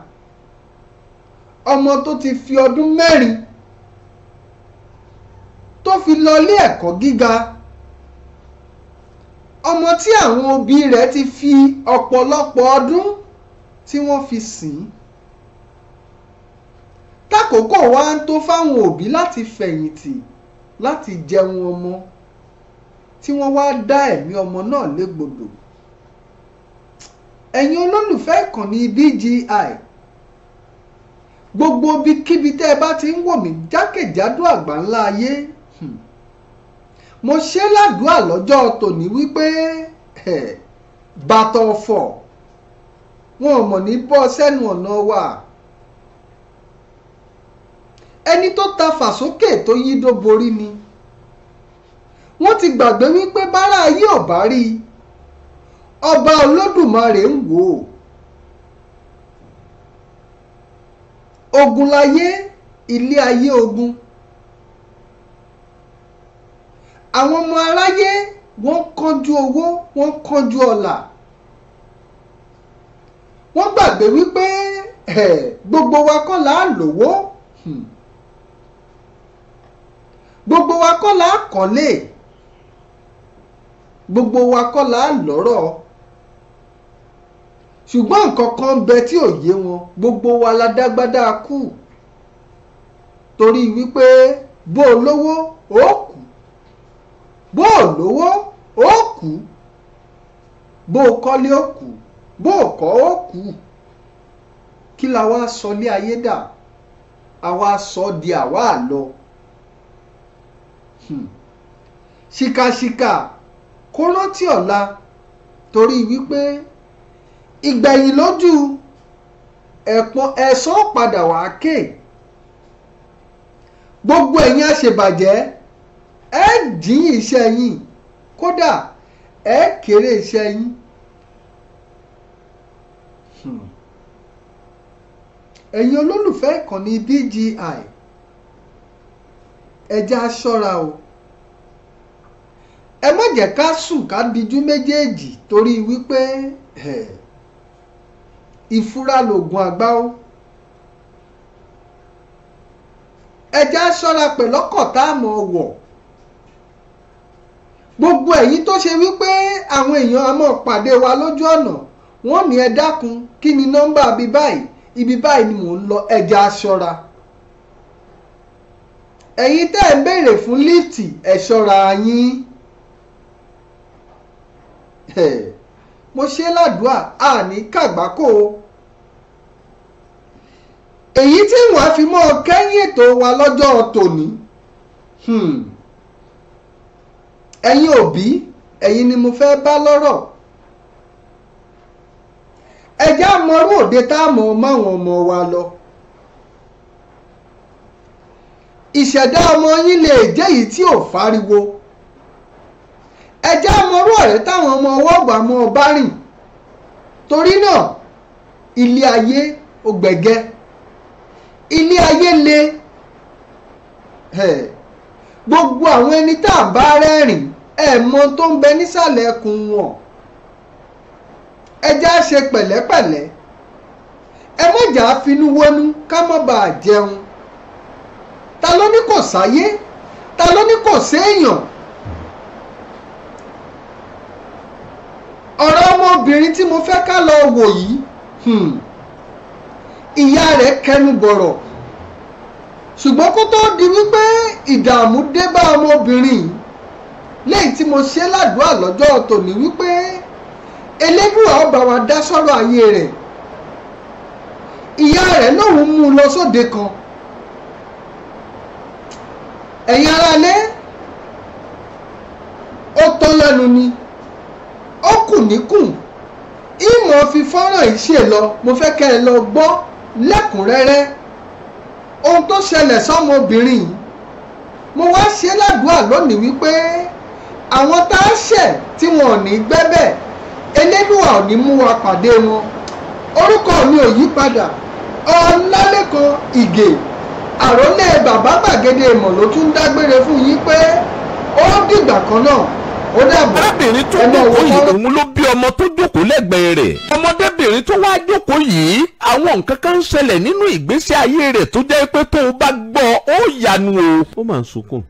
ọmọ tó ti fi ọdún mẹ́rin tó fi lọ ilé ẹ̀kọ́ gíga ọmọ tí àwọn òbí rẹ̀ ti fi ọ̀pọ̀lọpọ̀ ọdún tí wọ́n fi sìn ín tákòókò wa ń tó fáwọn òbí láti fẹ̀yìntì láti jẹun ọmọ tí wọ́n wá dá ẹ̀mí ọmọ náà légbodò ẹ̀yin olólùfẹ́ ìkànnì BGI gbogbo ibikíbi tẹ́ ẹ bá ti ń wò mí jákèjádò àgbáńlá ayé hmm. mo ṣe ládùúà lọ́jọ́ tòní wípé eh, bàtà ọ̀fọ̀ wọn ò mọ̀ ní bọ́ sẹ́nu ọ̀nà wa ẹni tó ta fàsókè tó yí dó borí ni wọ́n ti gbàgbé wípé bára ayé ò rí i ọba olódùmarè ń wò ó ogun láyé ilé ayé ogun àwọn ọmọ aráyé wọn kọjú owó wọn kọjú ọlà wọn gbàgbé wípé gbogbo wa kọ́ là lówó hmm. gbogbo wa kọ́ là kọ́lé gbogbo wa kọ́ là ṣùgbọ́n nǹkan kan ń bẹ tí ò yé wọn gbogbo wa la dágbádá kù torí wípé bó o lówó ó kú bó o lówó ó kú bó o kọ́lé ó kú bó kọ́ ó kú kí la wá sọ lé ayé dà àwa sọ di àwa àlọ hmm. ṣìkàṣìkà kó rántí ọ̀la torí wípé ìgbẹ̀yìn lójú ẹ̀pọ̀n ẹ̀san padà wá ké gbogbo ẹ̀yin àṣebàjẹ́ ẹ dín iṣẹ́ yín kódà ẹ kéré iṣẹ́ yín hmm. ẹ̀yin olólùfẹ́ ìkànnì BGI ẹ jẹ́ á ṣọ́ra o ẹ má jẹ́ ká sùn ká dijú méjèèjì torí wípé. Eh, ìfura lògùn àgbà o ẹjẹ́ á ṣọ́ra pẹ̀lú ọkọ̀ tá a mọ̀ wọ̀ gbogbo ẹ̀yin tó ṣe wípé àwọn èèyàn á mọ̀ pàdé wa lójú ọ̀nà wọ́n ní ẹ dákun kí ni nọ́mbà bíi báyìí ibi báyìí ni mò ń lọ ẹjẹ́ á ṣọ́ra ẹ̀yin tẹ́ ń béèrè fún lífti ẹ̀ yín mo ṣe ládùúà àní kàgbákò o. èyí tí wọ́n á fi mọ́ ọ kẹ́yìn ètò wa lọ́jọ́ tòní hmm. ẹ̀yin òbí ẹ̀yin ni mo fẹ́ bá lọ́rọ̀ ẹ jẹ́ àmọ́rú òde táàmù máwọn ọmọ wa lọ ìṣẹ̀dá ọmọ yín lè jẹ́ èyí tí ò fariwo. ẹ jẹ́ àmọ́rú táwọn ọmọ ọwọ́ ọgbà mọ ọ bá rìn torí náà ilé ayé ò gbẹ̀gẹ́ ilé ayé le gbogbo àwọn ẹni tá a bá rẹ́rìn ẹ̀ mọ tó ń bẹ nísàlẹ̀ ẹkùn wọn ẹ já ṣe pẹ̀lẹ́pẹ̀lẹ́ ẹ mọ̀jà finú wọnú ká má bàa jẹun ta ló ní kò sáyé ta ló ní kò séèyàn ọ̀rọ̀ ọmọbìnrin tí mo fẹ́ ká lọ wò yìí. Hmm ìyá rẹ̀ kẹnu bọ̀rọ̀ ṣùgbọ́n kó tó di wípé ìdààmú dé bá ọmọbìnrin lẹ́yìn tí mo ṣe ládùúà lọ́jọ́ tòní wípé elédùà ó bá wa dá sọ́rọ̀ ayé rẹ̀ ìyá rẹ̀ lòun mú un lọ sóde kan ẹ̀yin aráalé ó tọ́ lẹ́nu ni ó kù níkùn ìmọ̀ fi fọ́nrán yìí ṣe lọ mo fẹ́ kẹ́ ẹ lọ gbọ́ lẹ́kùnrẹ́rẹ́ ohun tó ṣẹlẹ̀ sọ́mọbìnrin yìí mo wá ṣe ládùúà lónìí wípé àwọn tá a ṣẹ̀ tí wọn ò ní gbẹ́bẹ̀ elédùà ò ní mú wa pàdé wọn orúkọ mi ò yí padà ọlálẹ́kan ìgè àròlé bàbá gbàgede ìmọ̀ ló tún dágbére fún yín pé ó dìgbà kan náà ó dàbọ̀ ẹ̀ náà wọ́n mọ́. arábìnrin tó dùn kó yìí òun ló bí ọmọ tó dùn lẹ́gbẹ̀ẹ́ rẹ̀. ọmọdé arábìnrin tó wáá jókòó yìí àwọn nǹkan kan ń ṣẹlẹ̀ nínú ìgbésí ayé rẹ̀ tó jẹ́ pé tó o bá gbọ́ ó yanu o. ó máa ń sunkún.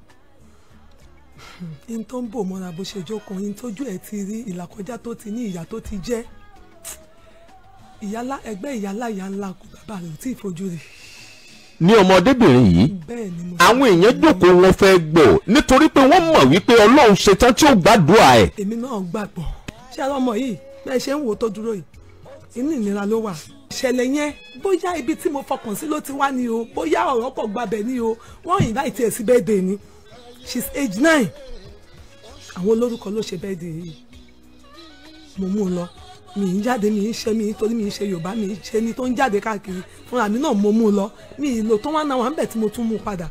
n tó ń bò mọ́ra bó ṣe jókòó n tójú ẹ̀ ti rí ìlàkọjá tó ti ní ìyá tó ti jẹ́ ìyálà ẹgbẹ́ ìyálà ìyá ńlá kò bàbá rẹ̀ ò tí ì fojú rí. ní ọmọdébìnrin yìí àwọn èèyàn jókòó wọn fẹ́ gbọ́ nítorí pé wọ́n mọ̀ wípé ọlọ́run ṣetán tí ó gbàdúrà ẹ̀. èmi náà gbàgbọ́ ṣé ọmọ yìí bẹ́ẹ̀ ṣe ń wò ó tó dúró yìí inú ìnira ló wà. ìṣẹ̀lẹ̀ yẹn bóyá ibi tí mo fọkàn sí ló ti wá ni o bóyá ọ̀rọ̀ kọ̀ gbabẹ̀ ni o wọ́n invite ẹ̀ sí birthday ni she's age nine àwọn olórúkọ ló ṣe birthday yìí mo mú un lọ mi ń jáde mi ń ṣe mi nítorí mi ń ṣe yorùbá mi ń ṣe ni tó ń jáde káàkiri fúnra mi náà mo mú un lọ mi ìlò tó wá náà wà ń bẹ̀ tí mo tún mú un padà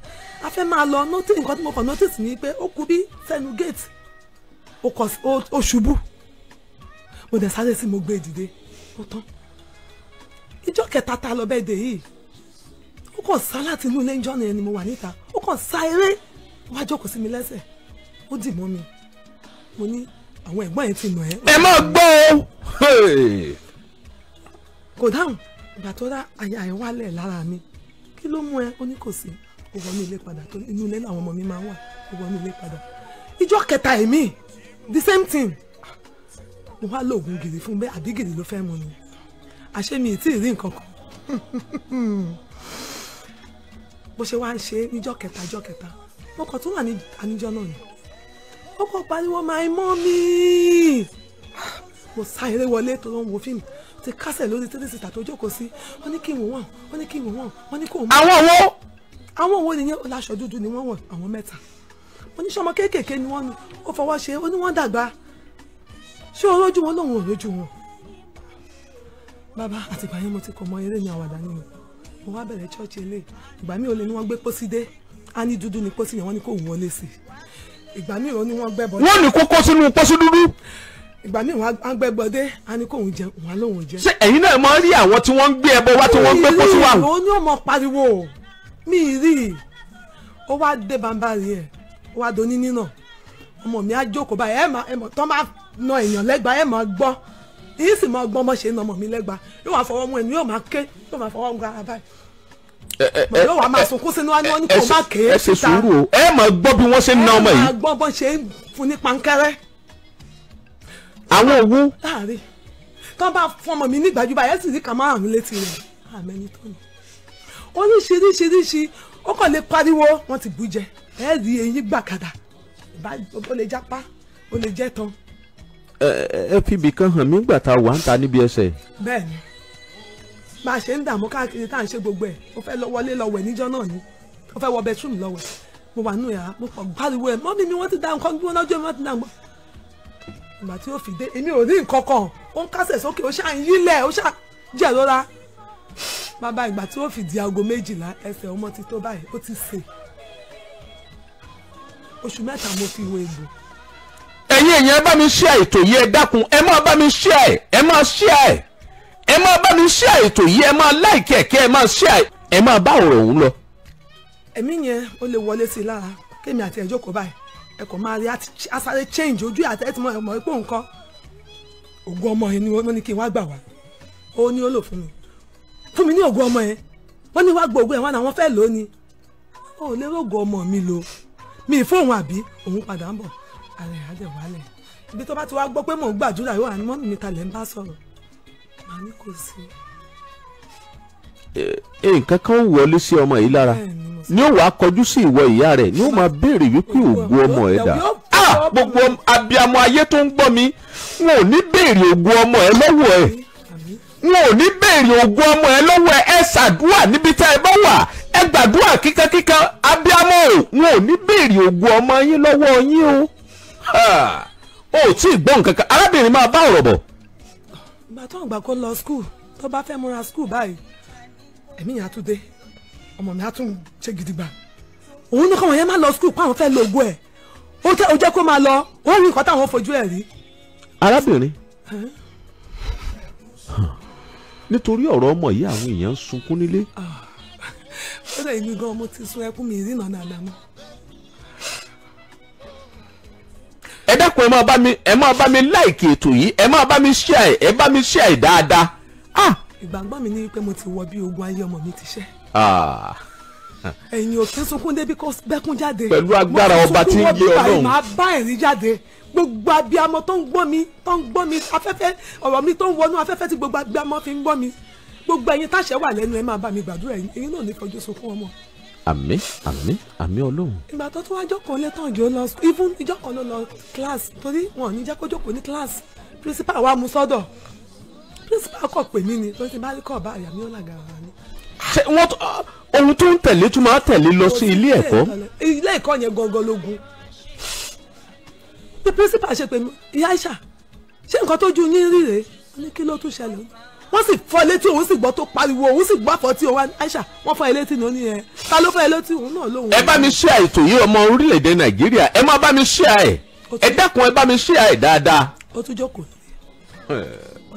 a fẹ́ máa lọ nọ́tì nǹkan tí mo kàn nọ́tìsì ni pé ó kú bí sẹ́nu gate ó ṣubú mo dẹ̀ sáré sí mo gbé e dìde ó tán ìjọ kẹta ta lọ bẹ́ẹ̀ dé yìí ó kàn sá láti inú ilé ìjọ náà ni mo wà níta ó kàn sá eré wá jókòó sí mi lẹ́sẹ̀ ó dì mọ́ mi mo ní àwọn ẹ̀gbọ́n yẹn ti nà ẹ́. ẹ má gbọ́ o. kò dáhùn ìgbà tó rá àyà ẹ̀ wálẹ̀ lára mi kí ló mú ẹ ó ní kò sí ó wọ ní ilé padà tó inú ilé làwọn ọmọ mi máa ń wà ó wọ ní ilé padà ìjọ kẹta èmi the same thing ló wá lóògùn gìrì fún bẹ́ẹ̀ àbí gìrì ló fẹ́ mu ni àṣé mi ì rí nǹkan kan bó ṣe wá ń ṣe níjọ́ kẹta jọ́ kẹta mo kàn tún wà ní àníjọ́ náà ni ó kọ́ pariwo my mommy mo sá eré wọlé tó lọ́n wo fíìmù ti kásẹ̀ lórí tẹ́lẹ̀sìtà tó jókòó sí wọ́n ní kí n wò wọ́n wọ́n ní kí n wò wọ́n wọ́n ní kó o mú. àwọn wo. àwọn wo nìyẹn láṣọ dúdú ni wọ́n wọ̀ àwọn mẹ́ta oníṣọ́mọ kéékèèké ni wọ́n ó fọwọ́ ṣe ó ní wọ́n dàgbà ṣé o rójú wọn lòun ò rójú wọn bàbá àtìgbà yẹn mo ti kọ̀ mọ́ eré ní àwàdà nínú mo wá bẹ̀rẹ̀ ṣọ́ọ̀ṣì ilé ìgbà míì ò lè ní wọ́n gbé pósí dé á ní dúdú ni pósí yẹn wọ́n ní kó wọlé sí ìgbà míì ò ní wọ́n gbẹ́bọ. wọ́n ní kókó sínú pósí dúdú ìgbà míì wọn á gbẹ gbọdé a ní kóun jẹ wọn lóun jẹ. ṣé ẹ̀yin náà máa ń rí àwọn tí wọ́n ń gbé ẹbọ wá tí wọ́n ń gbé pósí wà. mi ì ọmọ pariwo mi ì rí ó wá dé bambari ẹ ó wá do níní ọmọ mi á jókòó báyìí ẹ máa ẹ mọ tán máa na èèyàn lẹ́gba ẹ̀ máa gbọ́ yìí sì máa gbọ́n bọ́ ṣe ń na ọmọ mi lẹ́gba yóò máa fọwọ́ mú ẹni yóò máa ké yóò máa fọwọ́ gba ara báyìí yóò wá máa sunkún sínú wọn ní kò má ké síta ẹ ṣe sùúrù o ẹ máa gbọ́ bí wọ́n ṣe ń na ọmọ yìí ẹ máa gbọ́ bọ́ ṣe ń fún ní pankẹ́rẹ́. àwọn òwú. láàrin tó bá fún ọmọ mi ní gbajúbà ẹ sì rí kà máa rún létí rẹ àmẹni tó ní. oríṣiríṣiríṣi ó kàn lè pariwo wọn ti bù jẹ ẹ rí eyín gbàkàdà ó lè jápá ó lè jẹ tán ẹ fi ibì kan hàn mí gbà tá a wà ń ta níbi ẹsẹ̀. bẹ́ẹ̀ni bá a ṣe ń dààmú káàkiri tá à ń ṣe gbogbo ẹ mo fẹ́ lọ wọlé lọ wẹ̀ náà ni mo fẹ́ wọ bẹtúmù lọ wẹ̀ mo wà nù mo pọ pariwo ẹ mi wọ́n ti da nǹkan gbóná jọ mi wọ́n ti da nǹkan. ìgbà tí ó fi dé èmi ò rí nǹkan kan ó ń kásẹ̀ sókè ó ṣáà ń yílẹ̀ ó ṣáà jẹ́ lọ́ra bàbá ìgbà tí ó fi di aago méjìlá ẹsẹ̀ ọmọ ti tó báyìí ó ti sè oṣù mẹ́ta mo fi wo egbò ẹ̀yin èèyàn bá mi share ètò yìí ẹ dákun ẹ máa bá mi share ẹ máa share ẹ máa bá mi share ètò yìí ẹ máa like ẹ kẹ́ ẹ máa share ẹ máa bá ọ̀rọ̀ òun lọ. ẹ̀mí yẹn ó lè wọlé sí i lára kémi àti ẹjọ́ kò báyìí ẹ kò máa rí asáré change ojú àti ẹ ti mọ ẹ mọ ipò nǹkan ògùn ọmọ yẹn ni wọ́n ní kí n wá gbà wá ó ní ó lò fún mi fún mi ní ògùn ọmọ yẹn wọ́n ní wá gbọ́ ògùn yẹn wọn àwọn fẹ́ lò ó lérò ògùn ọmọ mi lò mi fóun àbí òun padà ń bọ̀ ara ẹ̀ á dẹ̀ wálẹ̀ ibi tó bá ti wá gbọ́ pé mò ń gbàdúrà yóò wà ní mọ́mì mi talẹ̀ ń bá sọ̀rọ̀ màá ní kò sí. nǹkan kan ó wọlé sí ọmọ yìí lára ni ó wàá kọjú sí ìwọ ìyá rẹ̀ ni ó máa béèrè wípé ògo ọmọ ẹ̀ dà ah! gbogbo abiyamọ ayé tó ń gbọ́ mi wọn ò ní béèrè ògo ọmọ ẹ lọ́wọ́ ẹ̀ wọn ò ní béèrè ògo ọmọ ẹ lọ́wọ́ ẹ ẹ ṣàdúrà níbi tá ẹ bá wà ẹ gbàdúrà kíkankíkan abiyamọ o wọn ò ní béèrè ògo ọmọ yín lọ́wọ́ yín o o tí ì gbọ́ nǹkan kan arábìnrin máa bá ọ̀rọ̀ bọ̀. ìgbà tó ń gbà kó lọ skul tó bá fẹ́ múra skul báyìí ẹ̀mí yẹn á tún dé ọmọ mi á tún ṣe gidigba òun ní kọ́mọ yẹn máa lọ skul pé àwọn fẹ́ lo ogún ẹ̀ ó jẹ́ kó máa lọ ó rí nǹkan táwọn fojú ẹ̀ rí. arábìnrin nítorí ọ̀rọ̀ ọmọ yìí àwọn èèyàn ń sunkún nílé. Ah. ó lè ní gan ọmọ ti sun ẹkún mi ìrìnà nàlẹ́ ẹ dákun ẹ máa bá mi ẹ máa bá mi láìkì ètò yìí ẹ máa bá mi ṣíà ẹ bá mi ṣíà ẹ dáadáa. Ah! ìgbàgbọ́ mi ni pé mo ti wọ bí ogun ayé ọmọ mi ti ṣẹ́. Ah! ẹ̀yin òkè sunkún débi kò bẹ́kún jáde. pẹ̀lú agbára ọba tí ń gbé ọlọ́run. mo bá ẹ̀rín jáde gbogbo abiyamọ tó ń gbọ́ mi tó ń gbọ́ mi afẹ́fẹ́ ọ̀rọ̀ mi tó ń wọnú afẹ́fẹ́ tí gbogbo abiyamọ fi ń gbọ́ mi gbogbo ẹ̀yin táṣẹ wà lẹ́nu ẹ máa bá mi gbàdúrà ẹ̀yin náà ní fojú sunkún ọmọ àmì àmì àmì ọlọ́run. ìgbà tó tún wá jókòó lẹ́tàn ìjọ lọ even ìjọ kan ló lọ class torí wọn ò ní jẹ́ kó jókòó ní class principal wa mú sọ́dọ̀ principal kọ̀ pè mí ni tó ti bá kọ̀ bá àyà mi ó làgàrà ni. ṣé wọ́n ohun tó ń tẹ̀lé tún máa tẹ̀lé lọ sí ilé ẹ̀kọ́. ilé ẹ̀kọ́ yẹn gangan lógun bí principal ṣe pè mí ìyá ìṣà ṣé nǹkan tó ju yín rí rèé ní kí ló tún ṣẹlẹ̀ wọ́n sì fọ́ létí òun sì gbọ́ tó pariwo òun sì gbọ́ àfọ́tí òun Aisha wọ́n fọ́ elétí ní oní yẹn ta ló fọ́ elétí òun náà lóhùn. ẹ bá mi ṣíà ètò yìí ọmọ orílẹ̀-èdè Nàìjíríà ẹ má bá mi ṣíà ẹ̀ ẹ dákun ẹ bá mi ṣíà ẹ̀ dáadáa. ó tún jókòó ní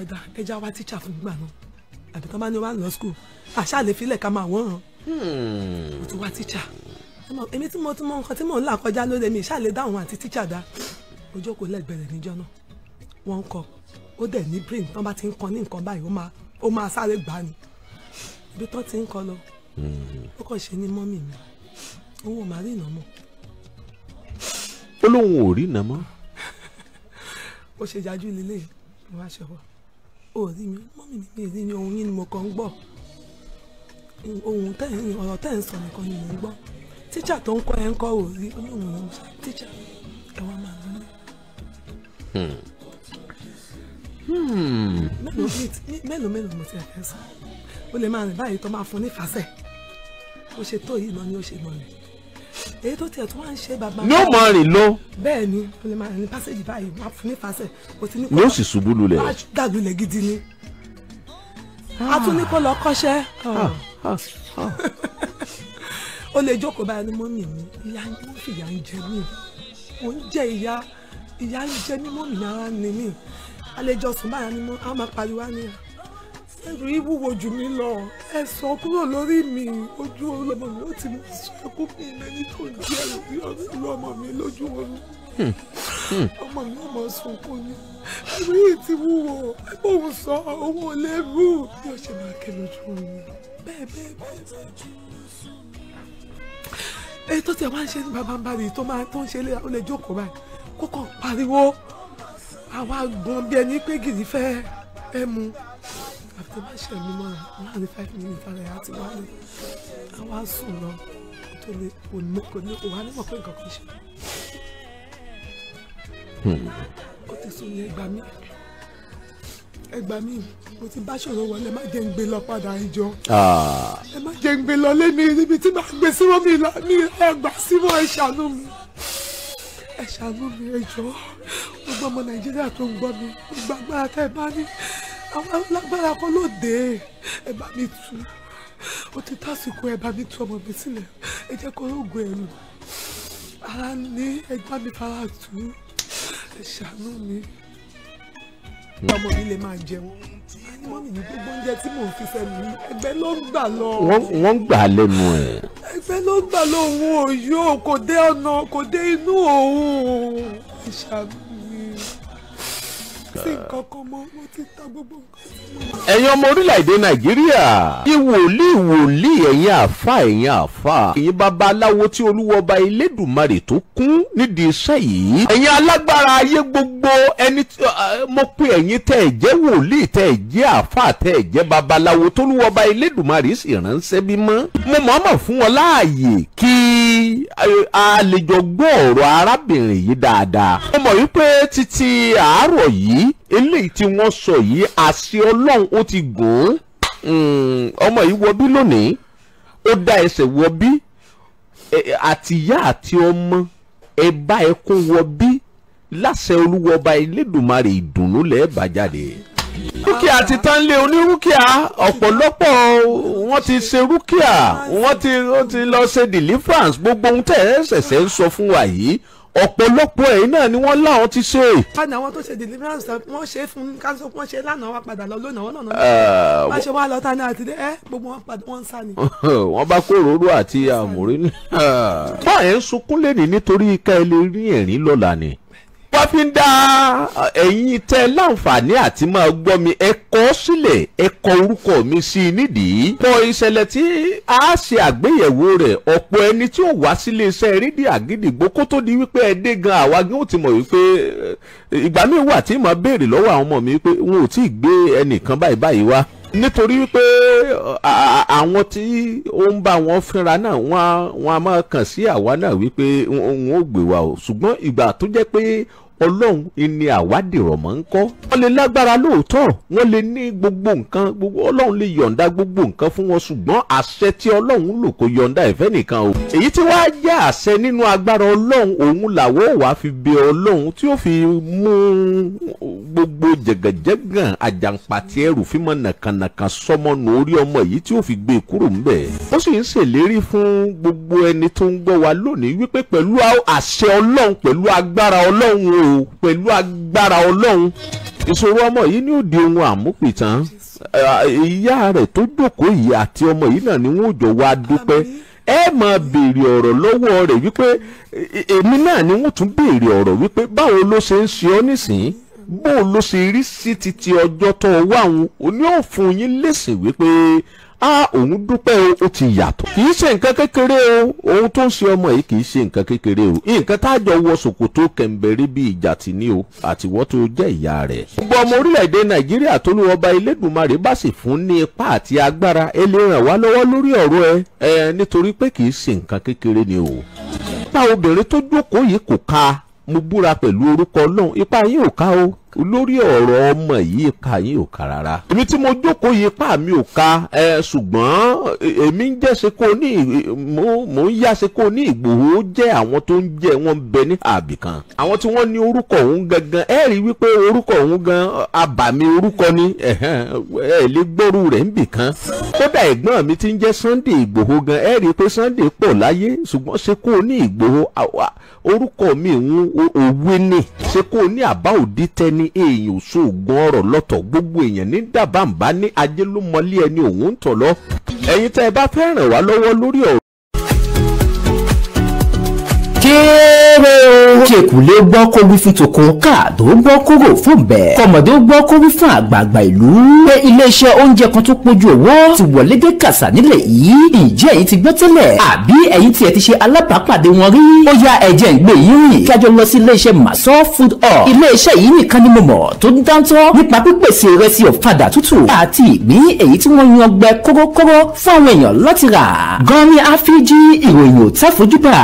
ọ̀dà ẹja wa tíṣà fún gbà náà àbí tán bá ní wa lọ skul àṣà lè filẹ̀ ká máa wọ́n hàn hmm. ó ti wá tíṣà ó dẹ̀ ní brain tán bá ti ń kan ní nǹkan báyìí ó máa sáré gbá ni ibi tán ti ń kọ lọ ó kàn ṣe ní mọ́mì mi òun ò má rí ìnà mọ́. ó lóun ò rí ìnà mọ́. ó ṣe jájú lílé mo wá ṣọwọ́ ó rí mi mọ́mì mi rí mi òun yín ni mo kàn ń gbọ́ ohun ọ̀rọ̀ tẹ́ ń sọ nìkan ni mò ń gbọ́ tíṣà tó ń kọ́ ẹ ń kọ́ òórí ó lóun ò rí tíṣà ẹ wá máa rí mi. Hmm. Hmm. mélòó mélòó mélòó mo ti ẹ̀fẹ́ sọ o lè máa rìn báyìí tó máa fún ní fàṣẹ o ṣe tó yìí náà ni o ṣe lọ rìn èyí tó tiẹ̀ tó wá ń ṣe bàbá. ní ó máa rìn lọ. bẹ́ẹ̀ ni o lè máa rìn ní pásíjì báyìí wọ́n fún ní fàṣẹ o ti ní kó. yóò sì ṣubú lulẹ̀. wọ́n á dàgbìlẹ̀ gidi ni ah. a tún ní kó lọ kọ́ṣẹ́ o ah, ah, lè jókòó báyìí ni mo mì mí ìyá ń fìyà ń jẹ mí ò jẹ ìyá ìyá ń jẹ mí mo mì ara ni mí àlejò sùn báyà ni mo á máa pariwo á nìyà ẹrù yìí jù mí lọ ẹ sọ kúrò lórí mi ojú ọlọmọ mi ó ti mú sọkún mi lẹni tó ń jẹ ẹrù ọlọ ọmọ mi lójú ọlọ hmm. hmm. ọmọ mi ọmọ sunkún ni ẹrù yìí ti wúwo òun sọ òun ò lè rú bí ó ṣe máa ké lójú mi bẹ́ẹ̀ bẹ́ẹ̀ bẹ́ẹ̀ èyí tó ti wá ń ṣe ní bàbá ń bá rí tó máa tó ń ṣe ó lè jókòó báyìí kókò pariwo àwa gan bí ẹni pé gidi fẹ́ ẹ mu àti bá ṣe mí mọ́ láàrin five minutes ara ẹ̀ àti wálé àwa sùn lọ tó lè kò ní kò ní kò wá nímọ̀ pé nǹkan kan ṣe. Hmm. ó ti sùn ní ẹgbàá mi ẹgbàá mi mo ti bá ṣòro wọlé má jẹ́ ń gbé lọ padà ìjọ ah. ẹ má jẹ́ ń gbé lọ lé mi níbi tí màá gbé síwọ́ mi ní ẹgbàá síwọ́ ẹ ṣàánú mi ẹ ṣàánú mi ẹ gbogbo ọmọ nàìjíríà tó ń gbọ́ mi gbogbo tẹ́ ẹ bá ní àwọn lágbára kan ló dé ẹ bá mi tú ó ti tásìkò ẹ bá mi tú ọmọ mi sílẹ̀ ẹ jẹ́ kó rògùn ẹ̀rù ara ní ẹ mi fara tù ú ẹ ṣàánú mi ọmọ mi lè máa jẹun wọ́n ní gbogbo oúnjẹ tí mò ń fi sẹ́nu yìí ẹgbẹ́ ló ń gbà lọ. wọ́n ń gbà lẹ́nu ẹ̀. ẹgbẹ́ ló ń gbà lọ òun ò kò dé ọ̀nà kò dé inú òun. ìṣàmì sí nǹkan kan mọ́ mo ti ta gbogbo nǹkan sí mi. ẹ̀yin ọmọ orílẹ̀-èdè nàìjíríà ìwòlíì wòlíì ẹ̀yin àáfà ẹ̀yin àáfà ẹ̀yin babaláwo tí olúwọba elédùnmarè tó kún nídìí iṣẹ́ yìí ẹ̀yin alágbára ayé gbogbo ẹni mo pe ẹ̀yin tẹ́ ẹ̀ jẹ́ wòlíì tẹ́ ẹ̀ jẹ́ àáfà tẹ́ ẹ̀ jẹ́ babaláwo tólúwọba elédùnmarè sì ránṣẹ́ bí mọ́ mo mọ̀ọ́mọ̀ fún wọn láàyè kí a gbọ́ ọ̀rọ̀ arábìnrin yìí dáadáa mo mọ̀ wípé títí àárọ̀ yìí yìí eléyìí tí wọ́n sọ yìí àṣẹ ọlọ́run ó ti gùn ún hmm, ọmọ yìí wọbí lónìí ó dá ẹsẹ̀ wọbí àtìyá àti ọmọ ẹ bá ẹkún wọbí láṣẹ olúwọba elédùnmarè ìdùnnú lẹ́ẹ̀bà jáde. rúkìá ti tán lé onírúkìá ọ̀pọ̀lọpọ̀ wọ́n ti ṣe rúkìá wọ́n ti lọ ṣe deliverance gbogbo ohun tẹ̀ ẹ́ ṣẹ̀ṣẹ̀ ń sọ fún wa yìí ọ̀pọ̀lọpọ̀ ẹ̀yìn náà ni wọ́n láwọn ti ṣe. padà àwọn tó ṣe deliverance wọ́n ṣe fún kánsó wọ́n ṣe lánàá wá padà lọ lónà wọ́n náà wọ́n ṣe wá lọ tá náà àti ẹ gbogbo wọn padà wọ́n ń sá ni. wọ́n bá kóròrò àti àmúrí. báyẹn ń sunkún lẹ́nìí nítorí ká ẹ lè rí ẹ̀rín lọ́la ni wọ́n fi ń dá ẹ̀yin tẹ́ láǹfààní àti máa gbọ́ mi ẹ kọ sílẹ̀ ẹ kọ orúkọ mi sí i nídìí. pọ ìṣẹ̀lẹ̀ tí a ṣe àgbéyẹ̀wò rẹ̀ ọ̀pọ̀ ẹni tí ó wá sílé iṣẹ́ rédíò àgídìgbò kó tó di wípé ẹ dé gan àwa gan ó ti mọ̀ wípé ìgbà míì wà tí màá béèrè lọ́wọ́ àwọn ọmọ mi wípé wọn ò tí ì gbé ẹnìkan báyìí báyìí wá nítorí wípé àwọn tí ó ń bá wọn fínra náà wọn a máa kàn sí àwa náà wípé wọn ò gbé wa o ṣùgbọ́n ìgbà tó jẹ́ pé ọlọ́run ìní àwádìrọ̀ mọ́ ń kọ́. wọ́n lè lágbára lóòótọ́ wọ́n lè ní gbogbo nǹkan gbogbo ọlọ́run lè yọ̀ǹda gbogbo nǹkan fún wọn ṣùgbọ́n àṣẹ tí ọlọ́run lò kò yọ̀ǹda ìfẹ́ nìkan o. èyí tí wàá jẹ́ àṣẹ nínú agbára ọlọ́run òun làwọ̀ wá fi bẹ ọlọ́run tí ó fi mú gbogbo jẹ̀gẹ̀jẹ̀gàn àjàǹpàtì ẹrù fímọ̀ nàkànàkàn sọmọnù orí ọmọ yìí tí ó fi gbé e kúrò ńbẹ̀. ó sì ń ṣèlérí fún gbogbo ẹni tó ń gbọ́ wa lónìí wípé pẹ̀lú àṣẹ ọlọ́run pẹ̀lú agbára ọlọ́run o o pẹ̀lú agbára ọlọ́run ìṣòro ọmọ yìí ní òde ohun àmúpìtán ìyá rẹ̀ tó jókòó yìí àti ọmọ yìí náà ni wọ́n jọ wá dúpẹ́ ẹ máa béèrè ọ̀rọ̀ lọ́wọ́ rẹ̀ wípé e, èmi náà ni wọ́n tún béèrè ọ̀rọ̀ wípé báwo ló ṣe ń ṣe ọ́ nísìnyí bó ló ṣe rí sí títí ọjọ́ tó wá òun ò ní òfun yín lèsì wípé a òun dúpẹ́ o ó ti yàtọ̀ kì í ṣe nǹkan kékeré o ohun tó ń ṣe ọmọ yìí kì í ṣe nǹkan kékeré o nǹkan tá a jọ wọ ṣòkòtò kẹ̀m̀bẹ̀rẹ̀ bíi ìjà tì ní o àtiwọ́ tó jẹ́ ìyá rẹ̀. gbogbo ọmọ orílẹ̀-èdè nàìjíríà tó ló ọba elédùnmarè bá sì fún ní ipá àti agbára ẹ lè ràn wá lọ́wọ́ lórí ọ̀rọ̀ ẹ ẹ nítorí pé kì í ṣe nǹkan kékeré ni o. ipa obìnrin tó jókòó yìí kò ká mo búra pẹ̀lú orúkọ ọlọ́run ipa yín ò ká o lórí ọ̀rọ̀ ọmọ yìí ipa yín ò ká rárá. èmi tí mo jókòó yìí ipa mi ò ká ẹ ṣùgbọ́n e, èmi ń jẹ́sẹ̀ kó ní e, mò ń yáṣẹ̀ kó ní Ìgbòho jẹ́ àwọn tó ń jẹ́ wọn bẹ ní àbì kan. àwọn tí wọ́n ní orúkọ òun gangan ẹ rí wípé orúkọ òun gan abàmì orúkọ ni ẹ lè gbọ́rú rẹ̀ ń bì kan. kódà ẹ̀gbọ́n mi ti ń jẹ́ Sunday Ìgbòho gan ẹ rí pé Sunday pọ̀ láyé ṣùgbọ́n ṣe kó ní Ìgbòho orúkọ mi òun òwe ni ṣe kó ní ní èèyàn sóògùn ọ̀rọ̀ lọ́tọ̀ gbogbo èèyàn ní dàbàǹbá ní ajé ló mọlé ẹni òun ń tọ̀ lọ ẹ̀yin tẹ́ ẹ bá fẹ́ ràn wá lọ́wọ́ lórí ọ̀rọ̀. kí kéré o. kí èkùlé gbọ́ kó wí fún tòkó káàdó gbọ́ kóró fún bẹ̀. kọ̀mọ̀dé gbọ́ kó wí fún àgbààgbà ìlú. pé iléeṣẹ́ oúnjẹ kan tó pójú owó ti wọlé dé kàṣà nílẹ̀ yìí. ǹjẹ́ èyí ti gbọ́ tẹ́lẹ̀ àbí ẹ̀yin tiẹ̀ ti ṣe alábàápàdé wọn rí. ó ya ẹ̀jẹ̀ ń gbé yín rìn. kájọ lọ sí iléeṣẹ́ maso food hall. iléeṣẹ́ yìí nìkan ni mo mọ̀ tó ń dáńtọ́ nípa pípèsè ìrẹsì ọ̀fadà tútù àti ìgbín èyí tí wọ́n yan gbẹ kórókóró fún àwọn èèyàn láti rà. gan ni ìròyìn ò tẹ́ fojú bà.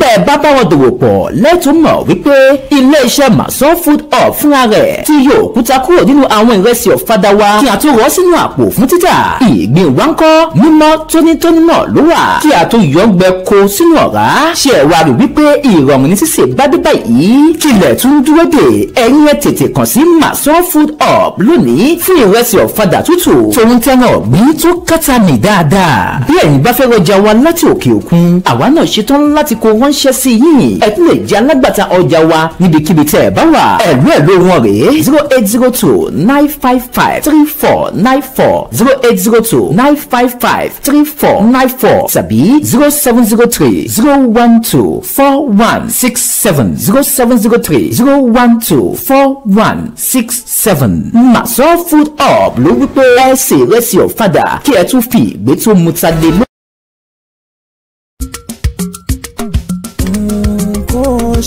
bẹ́ẹ̀ bá bá wọn dòwò pọ̀ ọ̀rọ̀ lẹ́tún mọ̀ wípé ilé-iṣẹ́ mason food hub fúnra rẹ̀ ti yọ òkúta kúrò nínú àwọn ìrẹsì ọ̀fadà wa kí a tó rọ́ sínú àpò fún títà ìgbín wa ń kọ́ mímọ́ tónítóní náà ló wà kí a tó yọ ọgbẹ́ ko sínú ọ̀rá ṣe ẹ̀ wá rí wípé ìrọ̀rùn ní sísè bá dé báyìí kílẹ̀ tún dúró dè ẹ̀yin ẹ̀ tètè kàn sí mason food hub lónìí fún ìrẹsì ọ̀fadà tútù tòun tẹ́ràn ọ̀gbìn tó kẹta mi dáadáa bí ẹ̀yin bá fẹ́ rọjà wa láti òkè òkun àwa náà ṣetán láti kó ránṣẹ́ sí yìí ẹ̀kún tún lè jẹ́ alágbàtà ọjà wa níbikíbi tẹ́ ẹ bá wà ẹ̀lú ẹ̀ ló rèé zero eight zero two nine five five three four nine four zero eight zero two nine five five three four nine four tàbí zero seven zero three zero one two four one six seven zero seven zero three zero one two four one six seven maso food up. ló wípé ẹ ṣe ìrẹsì ọ̀fadà kí ẹ tún fi ìgbé tó mu ta lé lọ.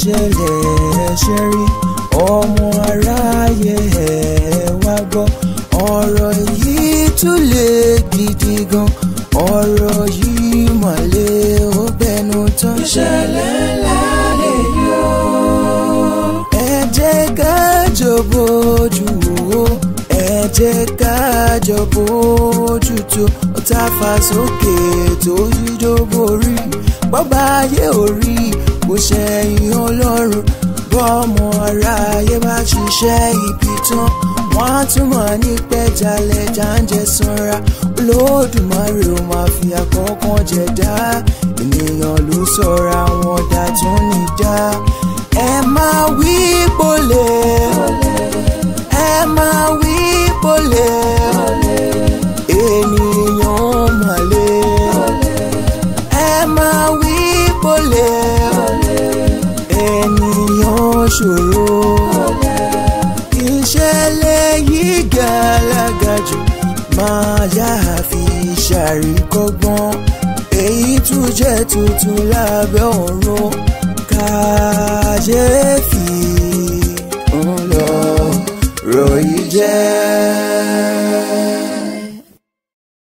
ṣẹlẹ̀ ẹ ṣe rí ọmọ aráyé ẹ wá gbọ́ ọ̀rọ̀ yìí tún lè gidi gan ọ̀rọ̀ yìí mà lè ó bẹnu tán. ìṣẹ̀lẹ̀ ńlá lè yọ. ká jọ bójú wò ẹ ká jọ bójú tó tá a fà sókè tó yíjó borí bọ́ba ayé orí kò ṣẹ̀yìn ọlọ́run bọ́ọ̀mù ara ayé bá ṣiṣẹ́ ibi tán wọ́n á túmọ̀ ní pẹ́jálẹ̀ jáǹjẹ́ sanra olódùmarè ó máa fi àkọ́kàn jẹ̀dá ènìyàn ló sọ̀ra wọn dá tún níjà ẹ máa wí pọ̀lẹ́ ẹ máa wí pọ̀lẹ́. ṣòro ìṣẹ̀lẹ̀ yìí gàlágà jù máa yá àfi ṣàríkọ́gbọ́n èyí tún jẹ́ tuntun lábẹ́ ọ̀run kàyéfì ńlọrọ̀ yìí jẹ́.